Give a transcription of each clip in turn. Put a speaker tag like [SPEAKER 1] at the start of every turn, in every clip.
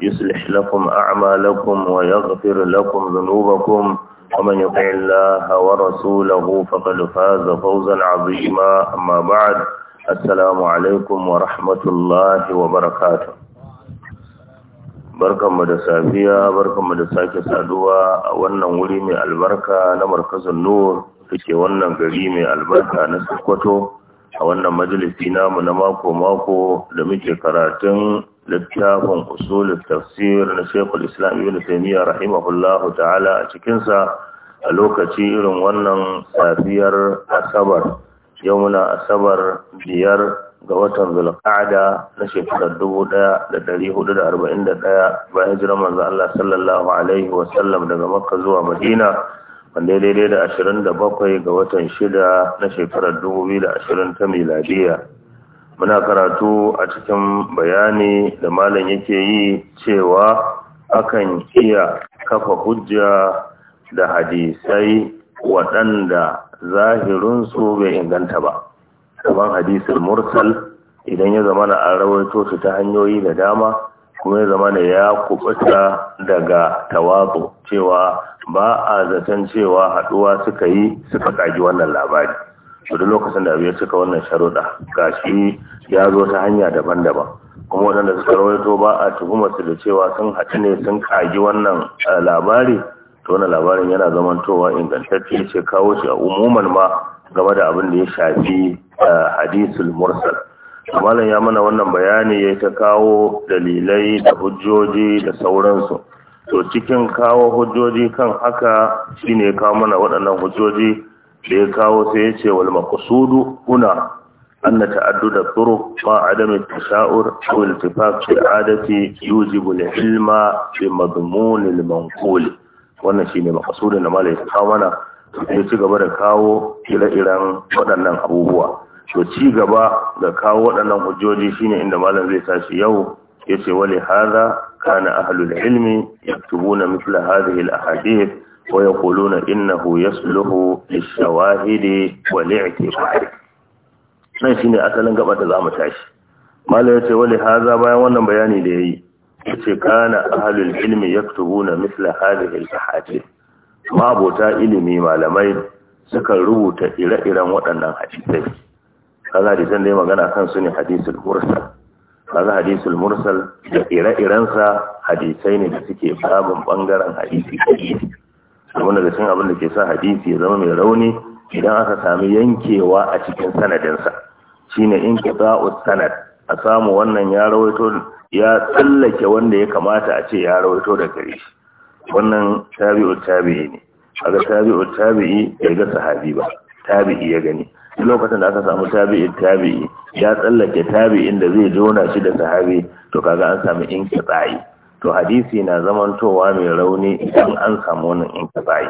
[SPEAKER 1] يصلح لكم أعمالكم ويغفر لكم ذنوبكم ومن يطع الله ورسوله فقد فاز فوزا عظيما أما بعد السلام عليكم ورحمة الله وبركاته barkanmu da safiya barkanmu da sake saduwa a wannan wuri mai albarka na markazin nur da wannan gari mai albarka na sokoto a wannan majalisi namu na mako-mako da muke karatun littafin usulul tafsir na shekul islam ibn taimiyya rahimahullahu ta'ala a cikinsa a lokaci irin wannan safiyar asabar yau muna asabar biyar ga watan zulqa'ada na shekarar 1441 bayan jiran manzo Allah sallallahu alaihi wa sallam daga makka zuwa madina wanda daidai da 27 ga watan shida na shekarar 2020 ta miladiya muna karatu a cikin bayani da malam yake yi cewa akan iya kafa hujja da hadisai waɗanda zahirinsu bai inganta ba kamar hadisul mursal idan ya zama na rawaito su ta hanyoyi da dama kuma ya zama ya kubuta daga tawazu cewa ba a zaton cewa haɗuwa suka yi suka kaji wannan labari shudu lokacin da abu ya cika wannan sharuɗa shi ya zo ta hanya daban-daban kuma waɗanda suka rawaito ba a tuhumar su da cewa sun haɗu ne sun kagi wannan labari to wannan labarin yana zamantowa ingantacce ce kawo shi a umuman ma game da abin da ya shafi hadisul mursal malam ya mana wannan bayani ya ta kawo dalilai da hujjoji da sauransu to cikin kawo hujjoji kan haka shine kawo mana waɗannan hujjoji da ya kawo sai ya ce wal maqsudu huna أن تعدد الطرق وعدم التساؤر أو التفاق في العادة يوجب العلم بمضمون المنقول wannan shine makasudin da malai ta mana ya ci gaba da kawo ire-iren waɗannan abubuwa to ci gaba da kawo waɗannan hujjoji shine inda malam zai tashi yau yace wali hadha kana ahlul ilmi yaktubuna mithla hadhihi al ahadith ويقولون إنه يصلح للشواهد والاعتبار nan shine asalin gaba da zamu tashi mala yace wali haza bayan wannan bayani da yayi yace kana ahlul ilmi yaktubuna mithla hadhihi al-ahadith ma abota ilimi malamai suka rubuta ire-iren waɗannan hadisai kaza da zan dai magana kan su ne hadisul mursal kaza hadisul mursal da ire sa hadisai ne da suke babun bangaren hadisi domin daga cikin abin da ke sa hadisi ya zama mai rauni idan aka sami yankewa a cikin sanadinsa shine in qita'u sanad a samu wannan ya rawaito ya tsallake wanda ya kamata a ce ya rawaito da gari shi wannan tabi'u tabi'i ne A ga tabi'u tabi'i bai ga sahabi ba tabi'i ya gani lokacin da aka samu tabi'in tabi'i ya tsallake tabi'in da zai jona shi da sahabi to kaga an samu in tsaye. to hadisi na zamantowa mai rauni idan an samu wannan inkizai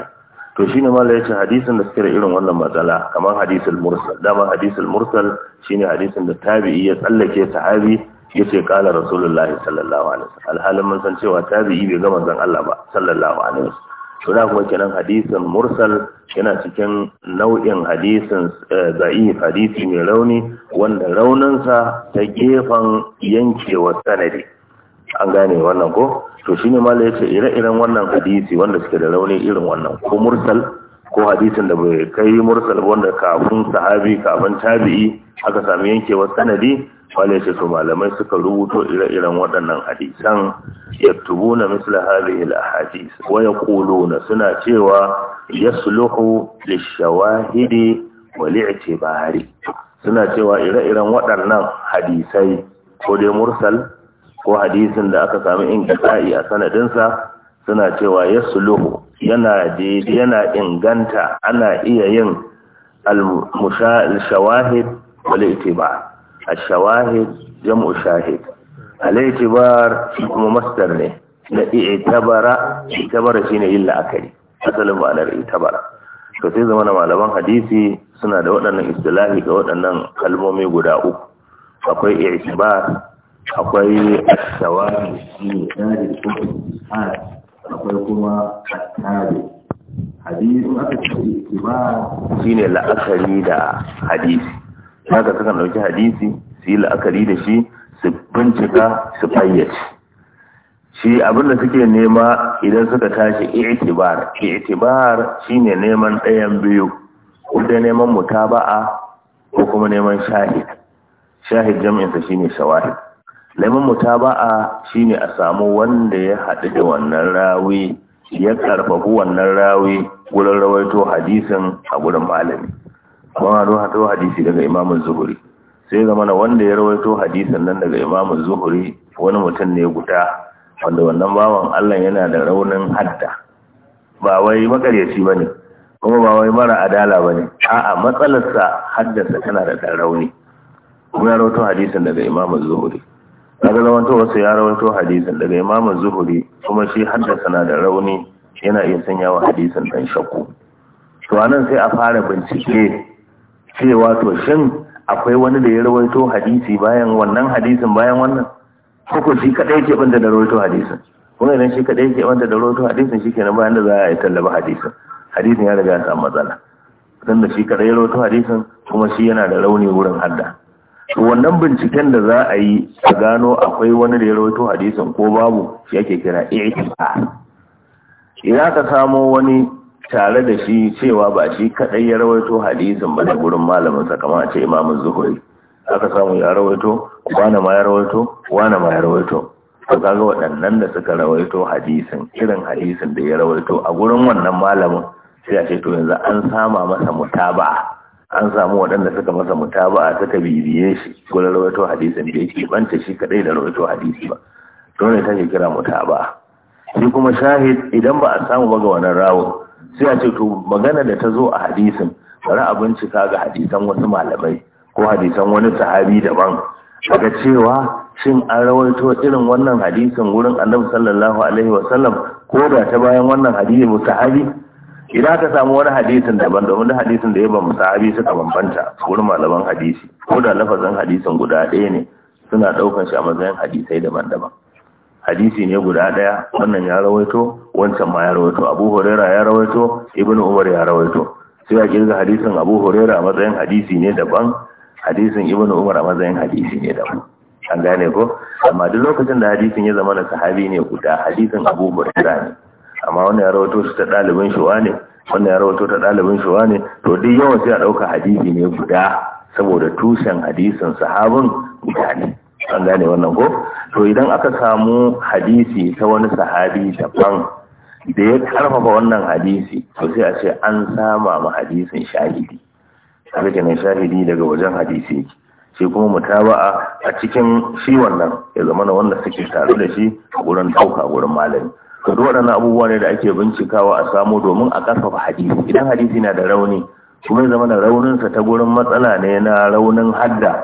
[SPEAKER 1] to shine mallaka yace hadisin da suke da irin wannan matsala kamar hadisul mursal dama hadisul mursal shine hadisin da tabi'i ya tsallake sahabi yace kala rasulullahi sallallahu alaihi wasallam alhalin mun san cewa tabi'i bai ga zan Allah ba sallallahu alaihi wasallam suna kuma kenan hadisin mursal yana cikin nau'in hadisin za'if eh, hadisi mai rauni wanda raunin sa ta gefen yankewa sanadi an gane wannan ko to shi shine malai ce ire-iren wannan hadisi wanda suke da rauni irin wannan ko mursal ko hadisin da bai kai mursal wanda kafin sahabi kafin tabi'i aka sami yankewa sanadi wale ce su malamai suka rubuto ire-iren waɗannan hadisan na misla hadhihi al Waya wa na suna cewa yasluhu da shawahidi wa li'tibari suna cewa ire-iren waɗannan hadisai ko dai mursal ko hadisin da aka samu inqita'i a sanadinsa suna cewa ya yana yana inganta ana iya yin al-mushahid wal itiba al-shawahid jam'u shahid al-itibar kuma masdar ne na i'tabara i'tabara shine illa akali asalin ma'anar i'tabara to sai zama malaman hadisi suna da waɗannan istilahi ga waɗannan kalmomi guda uku akwai i'tibar akwai asawari shi ne tsari tsari akwai kuma tsari hadisi aka ce ba shi ne la'akari da hadisi haka suka ɗauki hadisi su yi la'akari da shi su bincika su fayyace shi abinda suke nema idan suka tashi i'tibar i'tibar shine neman ɗayan biyu ko da neman mutaba'a ko kuma neman shahid shahid jam'insa shi shine shawahid laifin mutaba'a shine a samu wanda ya haɗu da wannan rawi ya karfafi wannan rawi wurin rawaito hadisin a gurin malami kuma don hado hadisi daga imamun zuhuri sai zama na wanda ya rawaito hadisin nan daga imamun zuhuri wani mutum ne guda wanda wannan bawan Allah yana da raunin hadda ba wai makaryaci ne. kuma ba wai mara adala bane a'a matsalarsa haddasa tana da ɗan rauni kuma ya rawaito hadisin daga imamun zuhuri kaga zamanto wasu ya rawaito hadisin daga imamu zuhuri kuma shi haddasa na da rauni yana iya sanya wa hadisin dan shakku to anan sai a fara bincike cewa to shin akwai wani da ya rawaito hadisi bayan wannan hadisin bayan wannan ko shi kadai ke banda da rawaito hadisin kuma idan shi kadai ke banda da rawaito hadisin shi kenan bayan da za a yi tallaba hadisin hadisin ya riga ya samu matsala dan da shi kadai rawaito hadisin kuma shi yana da rauni wurin hadda wannan binciken da za a yi a gano akwai wani da ya rawaito hadisin ko babu shi kira i'tibar idan ka samo wani tare da shi cewa ba shi kadai ya rawaito hadisin ba da gurin malamin sa kamar a ce imam zuhuri aka samu ya rawaito wani ma ya rawaito wani ma ya rawaito to kaga waɗannan da suka rawaito hadisin irin hadisin da ya rawaito a gurin wannan malamin sai a ce to yanzu an sama masa mutaba an samu waɗanda suka masa a suka bibiye shi gurin rawaito hadisin da yake banta shi kadai da rawaito hadisi ba dole ta ke kira ba shi kuma shahid idan ba a samu ba ga wannan rawo sai a ce to magana da ta zo a hadisin bari a bincika ga hadisan wasu malamai ko hadisan wani sahabi daban daga cewa shin an rawaito irin wannan hadisin wurin annabi sallallahu alaihi wasallam ko da ta bayan wannan hadisi sahabi Ina ka samu wani hadisin daban domin da hadisin da ya ba musahabi suka bambanta wurin malaman hadisi ko da lafazin hadisin guda ɗaya ne suna ɗaukan shi a matsayin hadisai daban-daban hadisi ne guda ɗaya wannan ya rawaito wancan ma ya rawaito abu huraira ya rawaito Ibn umar ya rawaito sai a kirga hadisin abu huraira a matsayin hadisi ne daban hadisin Ibn umar a matsayin hadisi ne daban an gane ko amma duk lokacin da hadisin ya zama na sahabi ne guda hadisin abu huraira ne amma wani ya rawato su ta ɗalibin shuwa ne wani ya rawato ta ɗalibin shuwa ne to duk yawan sai a ɗauka hadisi ne guda saboda tushen hadisin sahabin guda an gane wannan ko to idan aka samu hadisi ta wani sahabi daban da ya karfafa wannan hadisi to sai a ce an sama ma hadisin shahidi kaga kenan shahidi daga wajen hadisi yake sai kuma mutaba'a a cikin shi wannan ya zama na wanda suke tare da shi a gurin dauka gurin malami to duk abubuwa ne da ake bincikawa a samu domin a ƙarfafa hadisi idan hadisi na da rauni kuma ya zama da rauninsa ta gurin matsala ne na raunin hadda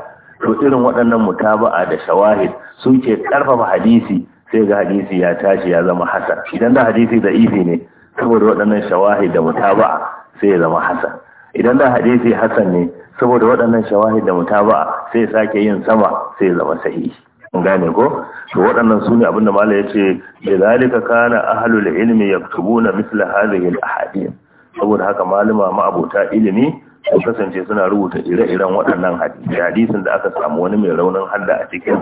[SPEAKER 1] to irin waɗannan mutaba'a da shawahid sun ke ƙarfafa hadisi sai ga hadisi ya tashi ya zama hasa idan da hadisi da ifi ne saboda waɗannan shawahid da mutaba'a sai ya zama hasan idan da hadisi hasan ne saboda waɗannan shawahid da mutaba'a sai sake yin sama sai ya zama sahihi gane ko to waɗannan su ne abinda mala ya ce da zalika kana ahlul ilmi yaktubuna misla hadhihi al saboda haka malama ma'abota ilimi su kasance suna rubuta ire-iren waɗannan hadisi hadisin da aka samu wani mai raunin hadda a cikin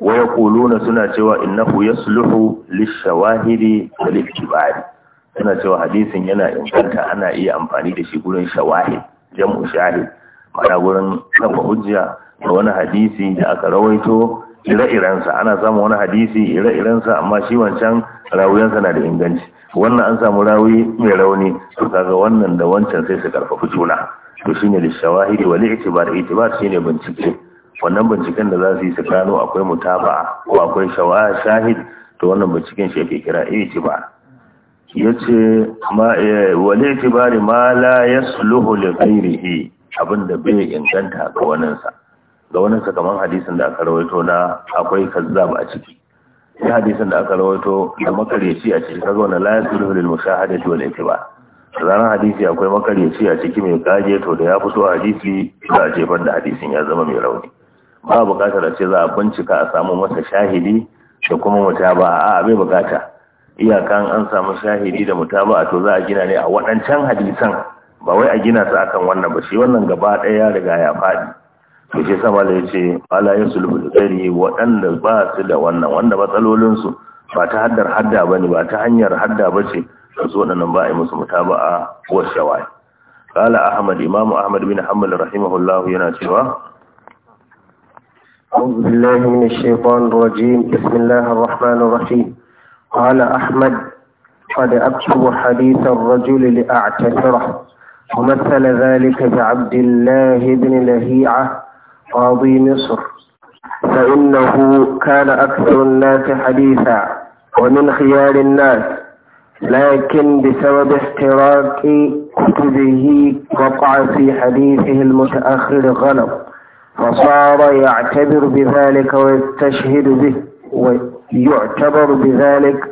[SPEAKER 1] waya wa suna cewa innahu yasluhu lishawahidi wal ihtibari suna cewa hadisin yana inganta ana iya amfani da shi gurin shawahid jam'u shahid ma'ana gurin kafa hujja da wani hadisi da aka rawaito ire-irensa ana samun wani hadisi ire-irensa amma shi wancan rawuyansa na da inganci wannan an samu rawi mai rauni to kaga wannan da wancan sai su karfafi juna to shine da shawahidi wal i'tibar i'tibar shine bincike wannan binciken da za su yi su gano akwai mutaba'a ko akwai shahid to wannan binciken shi yake kira i'tibar yace ma eh, wal i'tibar ma la yasluhu li ghairihi abinda bai inganta ga sa ga wani kamar hadisin da aka rawaito na akwai kazzab a ciki sai hadisin da aka rawaito da makaryaci a ciki kaga wannan la yasulu lil mushahadati wal itiba ranar hadisi akwai makaryaci a ciki mai kaje to da ya fito hadisi za a jefar da hadisin ya zama mai rauni ba bukatar a ce za a bincika a samu masa shahidi da kuma mutaba a bai bukata iyakan an samu shahidi da mutaba to za a gina ne a waɗancan hadisan ba wai a gina su akan wannan ba shi wannan gaba ɗaya ya riga ya faɗi to sama da yace ala yasulul tsari waɗanda ba su da wannan wanda matsalolinsu ba ta haddar hadda ba ne ba ta hanyar hadda ba ce da su waɗannan ba a yi musu a wa shawai qala ahmad imam ahmad bin hanbal rahimahullahu yana cewa
[SPEAKER 2] قد أكتب حديث الرجل لأعتفره ومثل ذلك بعبد الله بن لهيعة قاضي مصر فإنه كان أكثر الناس حديثا ومن خيار الناس لكن بسبب احتراق كتبه وقع في حديثه المتأخر غلط فصار يعتبر بذلك ويستشهد به ويعتبر بذلك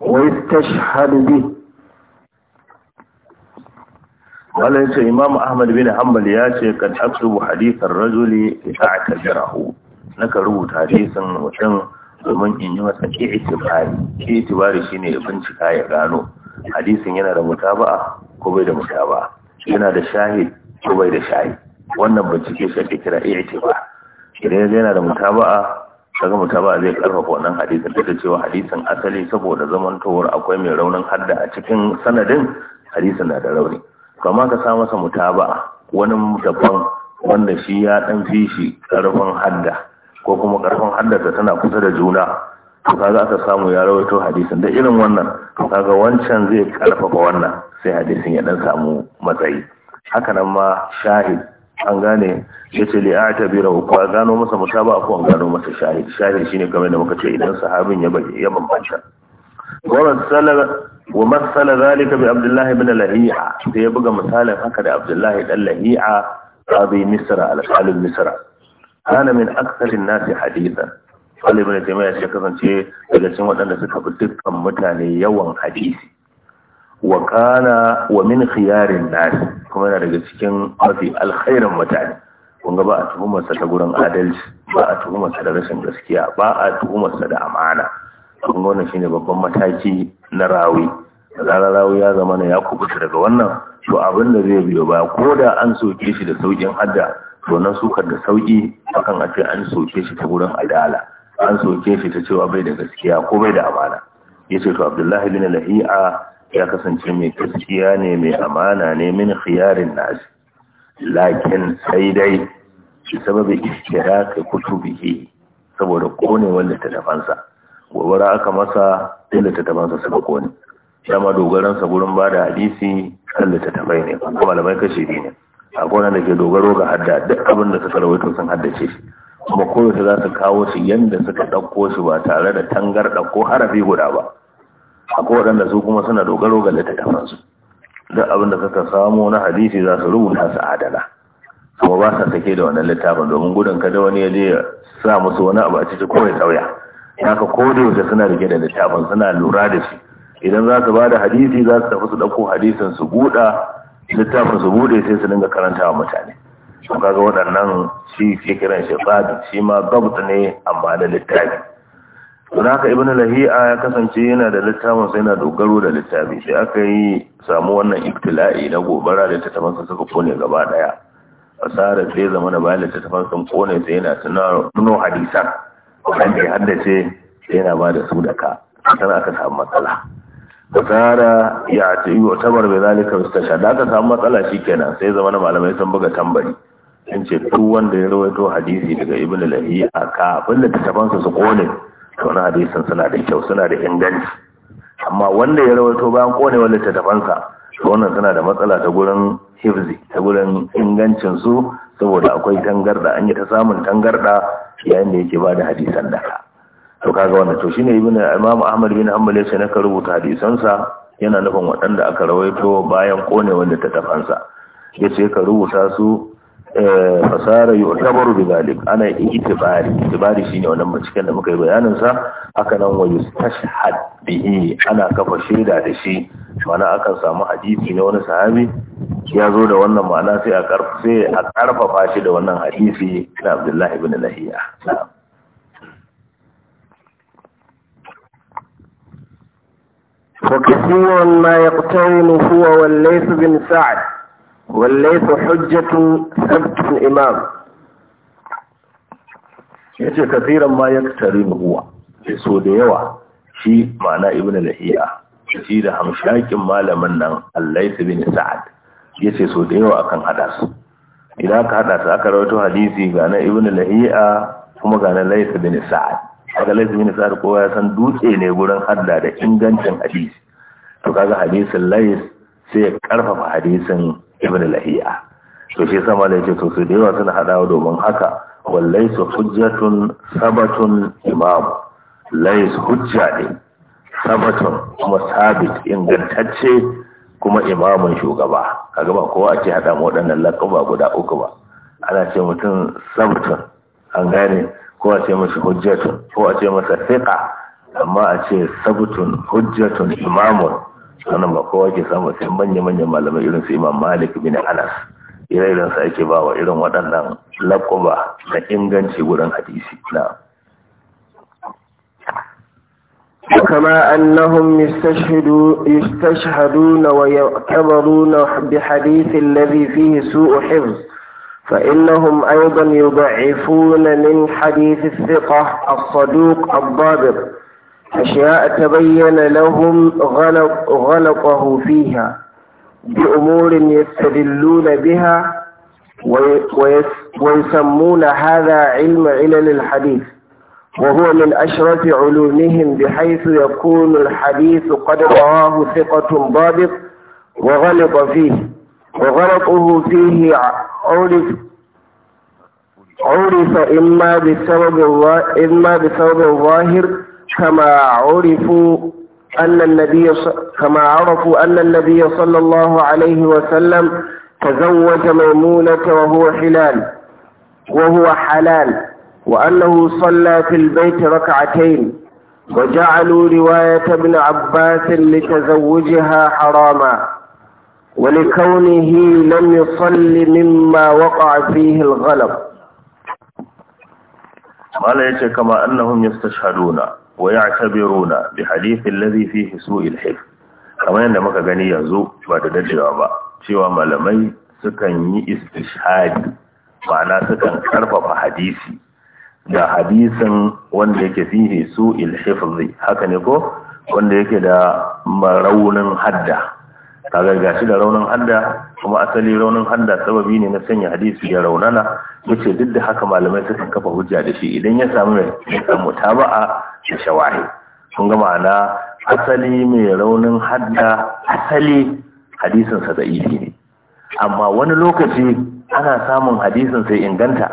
[SPEAKER 2] ويستشهد به
[SPEAKER 1] wannan ce imamu ahmad bin hanbal ya ce kan aktubu hadithar rajuli Na ka rubuta hadisan mutum domin in yi masa ke itibari ke itibari shine ya bincika ya gano hadisin yana da mutaba'a ko bai da mutaba'a yana da shahid ko bai da shahid wannan bincike shi ake kira i'tibar idan yana da mutaba'a kaga mutaba'a zai karfafa wannan hadisin da cewa hadisin asali saboda zamantowar akwai mai raunin hadda a cikin sanadin hadisin na da rauni kama ka sa masa mutaba wani daban wanda shi ya dan fi shi karfin hadda ko kuma karfin ta tana kusa da juna to kaga aka samu ya rawaito hadisin da irin wannan to kaga wancan zai karfafa wannan sai hadisin ya dan samu matsayi haka nan ma shahid an gane ya ce li a tabira gano masa mutaba ko an gano masa shahid shahid shine game da muka ce idan sahabin ya bambanta wa matsala zalika bi abdullahi bin lahi'a sai ya buga misalin haka da abdullahi dan lahi'a rabi misra alƙalin misra kana min aksarin nasi hadithan wani ibn taymiya ya kasance daga cikin waɗanda suka fi dukkan mutane yawan hadisi wa wa min khiyarin nasi kuma yana daga cikin mafi alkhairin mutane kun ga ba a tuhumarsa ta gurin adalci ba a tuhumarsa da rashin gaskiya ba tuhumarsa da amana kuma wannan shine babban mataki na rawi zara rawi ya zama ya kubuta daga wannan to abin da zai biyo ba ko da an soke shi da saukin hadda to nan sukar da sauki akan a ce an soke shi ta gurin adala an soke shi ta cewa bai da gaskiya ko bai da amana yace to Abdullahi bin Lahi'a ya kasance mai gaskiya ne mai amana ne min khiyarin nas lakin sai dai shi sababin ishtira kai kutubihi saboda kone ta littattafansa gobara aka masa sai littattafansa suka kone dama dogaransa gurin ba da hadisi kan littattafai ne kuma malamai kashe ne a gona da ke dogaro ga hadda duk abin da suka rawaito sun haddace shi kuma kowace za su kawo shi yadda suka ɗauko shi ba tare da tangarɗa ko harafi guda ba akwai waɗanda su kuma suna dogaro ga littattafansu duk abin da suka samu na hadisi za su rubuta su adala kuma ba sa sake da wannan littafin domin gudun kada wani ya je ya sa musu wani abu a ciki kawai sauya haka ko da yaushe suna rike da littafin suna lura da shi idan za su ba da hadisi za su tafi su ɗauko hadisin su buɗa littafin su buɗe sai su dinga karanta wa mutane to kaga waɗannan shi ke kiran shi shi ma gabt ne amma da littafi don haka ibn lahi'a ya kasance yana da littafin sai yana dogaro da littafi sai aka yi samu wannan ibtila'i na gobara da littattafansa suka kone gaba ɗaya tsara sai zama na bayan littattafan sun kone sai yana tuno hadisan wanda ya haddace yana ba da su da ka tana aka samu matsala fasara ya ce yi watabar bai zalika tasha. da aka samu matsala shi kenan sai zama na malamai sun buga tambari sun ce duk wanda ya rawaito hadisi daga ibn a kafin da su kone to na hadisin suna da kyau suna da inganci amma wanda ya rawaito bayan kone wanda tattafansa to wannan suna da matsala ta gurin hifzi ta gurin ingancinsu. saboda akwai tangarda an yi ta samun tangarda yayin da yake bada hadisan da to kaga wannan to shine ibn imam ahmad bin hanbal yace na rubuta hadisan sa yana nufin waɗanda aka rawaito bayan kone wanda ta tafansa yace ka rubuta su Eh, fasara yu'tabaru bidhalik ana itibari itibari shine wannan cikin da muka yi bayanin sa haka nan wa yustashhad bihi ana kafa shaida da shi mana akan samu hadisi na wani sahabi ya zo da wannan ma'ana sai a karfa sai a karfafa shi da wannan hadisi na Abdullahi ibn Lahiya
[SPEAKER 2] وكثيرا ما يقترن هو والليث بن سعد wallai su hujjatu sabtun imam
[SPEAKER 1] ya ce kasiran ma ya tare huwa da yawa shi ma'ana ibn lahiya shi da hamshakin malamin nan allai su bin sa'ad ya ce so da yawa akan hada su idan aka hada su aka rawaito hadisi ga na ibn lahiya kuma ga na bin sa'ad aka laisu bin sa'ad kowa ya san dutse ne wurin hadda da ingancin hadisi to kaga hadisin layis sai ya karfafa hadisin ibn lahiya to shi sama da yake to su da yawa suna hadawa domin haka wallai su hujjatun sabatun imam lais hujja ne sabatun kuma sabit ingantacce kuma imamun shugaba kaga ba kowa ake hada mu waɗannan laƙaba guda uku ba ana ce mutum sabatun an gane ko a ce masa hujjatun ko a ce masa fiƙa amma a ce sabatun hujjatun imamun wannan ba kowa ke samun sai manya-manyan malamai irin su imam malik bin anas ire-iren sa ake ba wa irin waɗannan laƙuba da inganci wurin hadisi na
[SPEAKER 2] كما أنهم يستشهدون ويعتبرون بحديث الذي فيه سوء حفظ فإنهم أيضا يضعفون من حديث الثقة الصدوق الضابط أشياء تبين لهم غلط غلطه فيها بأمور يستدلون بها ويسمون هذا علم علل الحديث وهو من أشرف علومهم بحيث يكون الحديث قد رواه ثقة ضابط وغلط فيه وغلطه فيه عرف عرف إما بسبب إما بسبب ظاهر كما عرفوا أن النبي كما عرفوا أن النبي صلى الله عليه وسلم تزوج ميمونة وهو حلال وهو حلال وأنه صلى في البيت ركعتين وجعلوا رواية ابن عباس لتزوجها حراما ولكونه لم يصل مما وقع فيه الغلب
[SPEAKER 1] قال كما أنهم يستشهدون ويعتبرون بحديث bi فيه سوء fihi كما hifz kamar yadda muka gani yanzu ba da dadewa ba cewa malamai sukan yi istishhadi ma'ana sukan karfafa hadisi da hadisin wanda yake fihi su'il hifz haka ne ko wanda yake da maraunin hadda kaga gashi da raunin hadda kuma asali raunin hadda sababi ne na sanya hadisi ya raunana yace duk da haka malamai sukan kafa hujja da shi idan ya samu mai samu da shawahi sun ga ma'ana asali mai raunin hadda asali hadisinsa da ifi ne amma wani lokaci ana samun hadisin sai inganta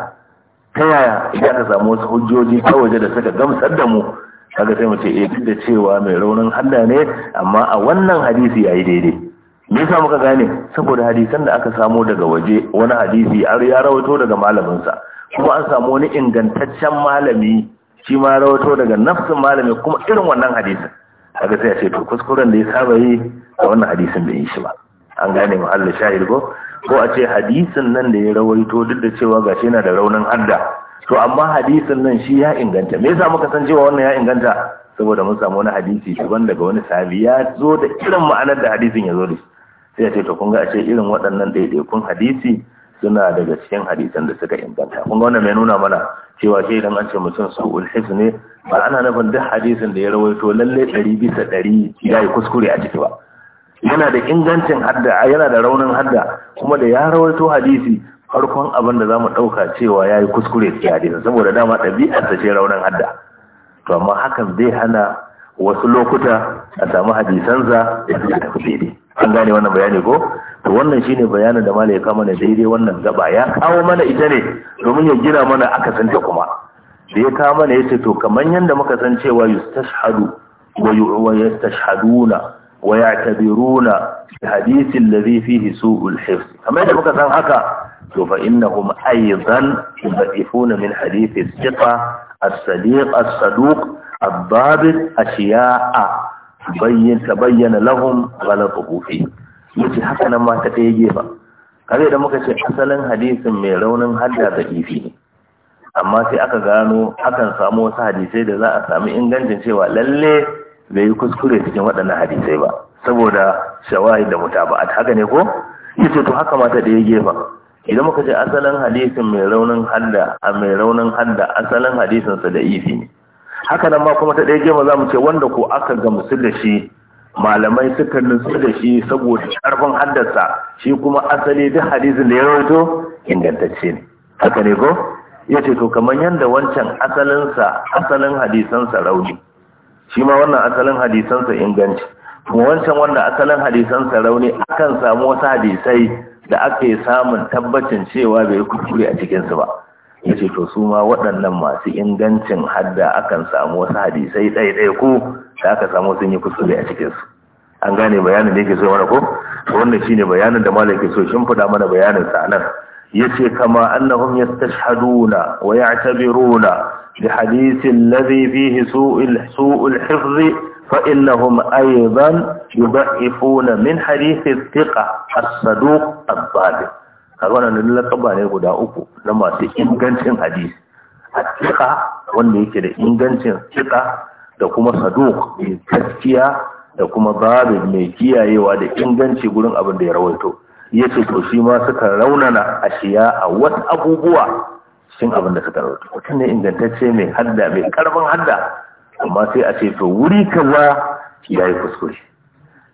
[SPEAKER 1] ta yaya idan aka samu wasu hujjoji ta waje da suka gamsar da mu kaga sai mu ce eh duk da cewa mai raunin hadda ne amma a wannan hadisi yayi daidai me yasa muka gane saboda hadisan da aka samo daga waje wani hadisi har ya rawaito daga malaminsa kuma an samu wani ingantaccen malami shi ma rawato daga nafsin malami kuma irin wannan hadisin ga sai a ce to kuskuren da ya saba yi a wannan hadisin bai yi shi ba an gane mu Allah shahid ko ko a ce hadisin nan da ya rawaito duk da cewa gashi yana da raunin hadda to amma hadisin nan shi ya inganta me yasa muka san cewa wannan ya inganta saboda mun samu wani hadisi daban daga wani sahabi ya zo da irin ma'anar da hadisin ya zo da shi sai a ce to kun ga a ce irin waɗannan ɗaiɗaikun hadisi suna daga cikin hadisan da suka inganta kun wannan mai nuna mana cewa shi idan an ce mutum su'ul hifz ne ba ana nufin duk hadisin da ya rawaito lalle ɗari bisa ɗari ya kuskure a ciki ba yana da ingancin hadda yana da raunin hadda kuma da ya rawaito hadisi farkon abin da zamu mu ɗauka cewa yayi kuskure cikin hadisin saboda dama ɗabi'ar ta ce raunin hadda to amma hakan zai hana wasu lokuta a samu hadisansa a an gane wannan bayani ko to wannan shine bayanin da malai kama na daidai wannan gaba ya kawo mana ita ne domin ya gina mana aka santa kuma da ya kawo mana yace to kaman yanda muka san cewa yustashhadu wa yastashhaduna wa ya'tabiruna hadisi alladhi fihi su'ul hifz kamar yadda muka san haka to fa innahum aidan yudhifuna min hadisi as-siqa as-sadiq as-saduq الضابط a تبين تبين لهم غلطه فيه yace haka nan ma ta ɗaya gefa kare da muka ce asalin hadisin mai raunin hadda da ifi ne amma sai aka gano akan samu wasu hadisai da za a sami ingancin cewa lalle bai yi kuskure cikin waɗannan hadisai ba saboda shawahi da mutaba'at haka ne ko yace to haka ma ta ɗaya gefa idan muka ce asalin hadisin mai raunin hadda a mai raunin hadda asalin hadisin sa da ifi ne haka nan ma kuma ta ɗaya gema za mu ce wanda ko aka gamsu da shi malamai suka nutsu da shi saboda ƙarfin haddasa shi kuma asali duk hadisin da ya rawaito ingantacce ne haka ne ko ya ce to kamar yadda wancan asalinsa asalin hadisansa rauni shi ma wannan asalin hadisansa inganci kuma wancan wanda asalin hadisansa rauni akan samu wasu hadisai da aka yi samun tabbacin cewa bai kuskure a cikinsu ba ya ce to su ma waɗannan masu ingancin hadda akan samu wasu hadisai ɗaiɗai ko da aka samu sun yi kuskure a cikinsu an gane bayanin da yake so mana ko wannan shine bayanin da malaka so shin fada mana bayanin sa nan yace kama annahum yastashhaduna wa ya'tabiruna bi hadithi alladhi fihi su'ul su'ul hifz fa innahum aidan yudha'ifuna min hadithi thiqa as-saduq as-sadiq kaga wannan lakaba ne guda uku na masu ingancin hadisi cika, wanda yake da ingancin cika, da kuma saduk mai da kuma babu mai kiyayewa da inganci gurin abin da ya rawaito Ya ce to shi ma suka raunana a shiya a wasu abubuwa cikin abin da suka rawaito mutum ne ingantacce mai hadda mai karfin hadda amma sai a ce to wuri kaza ya yi kuskure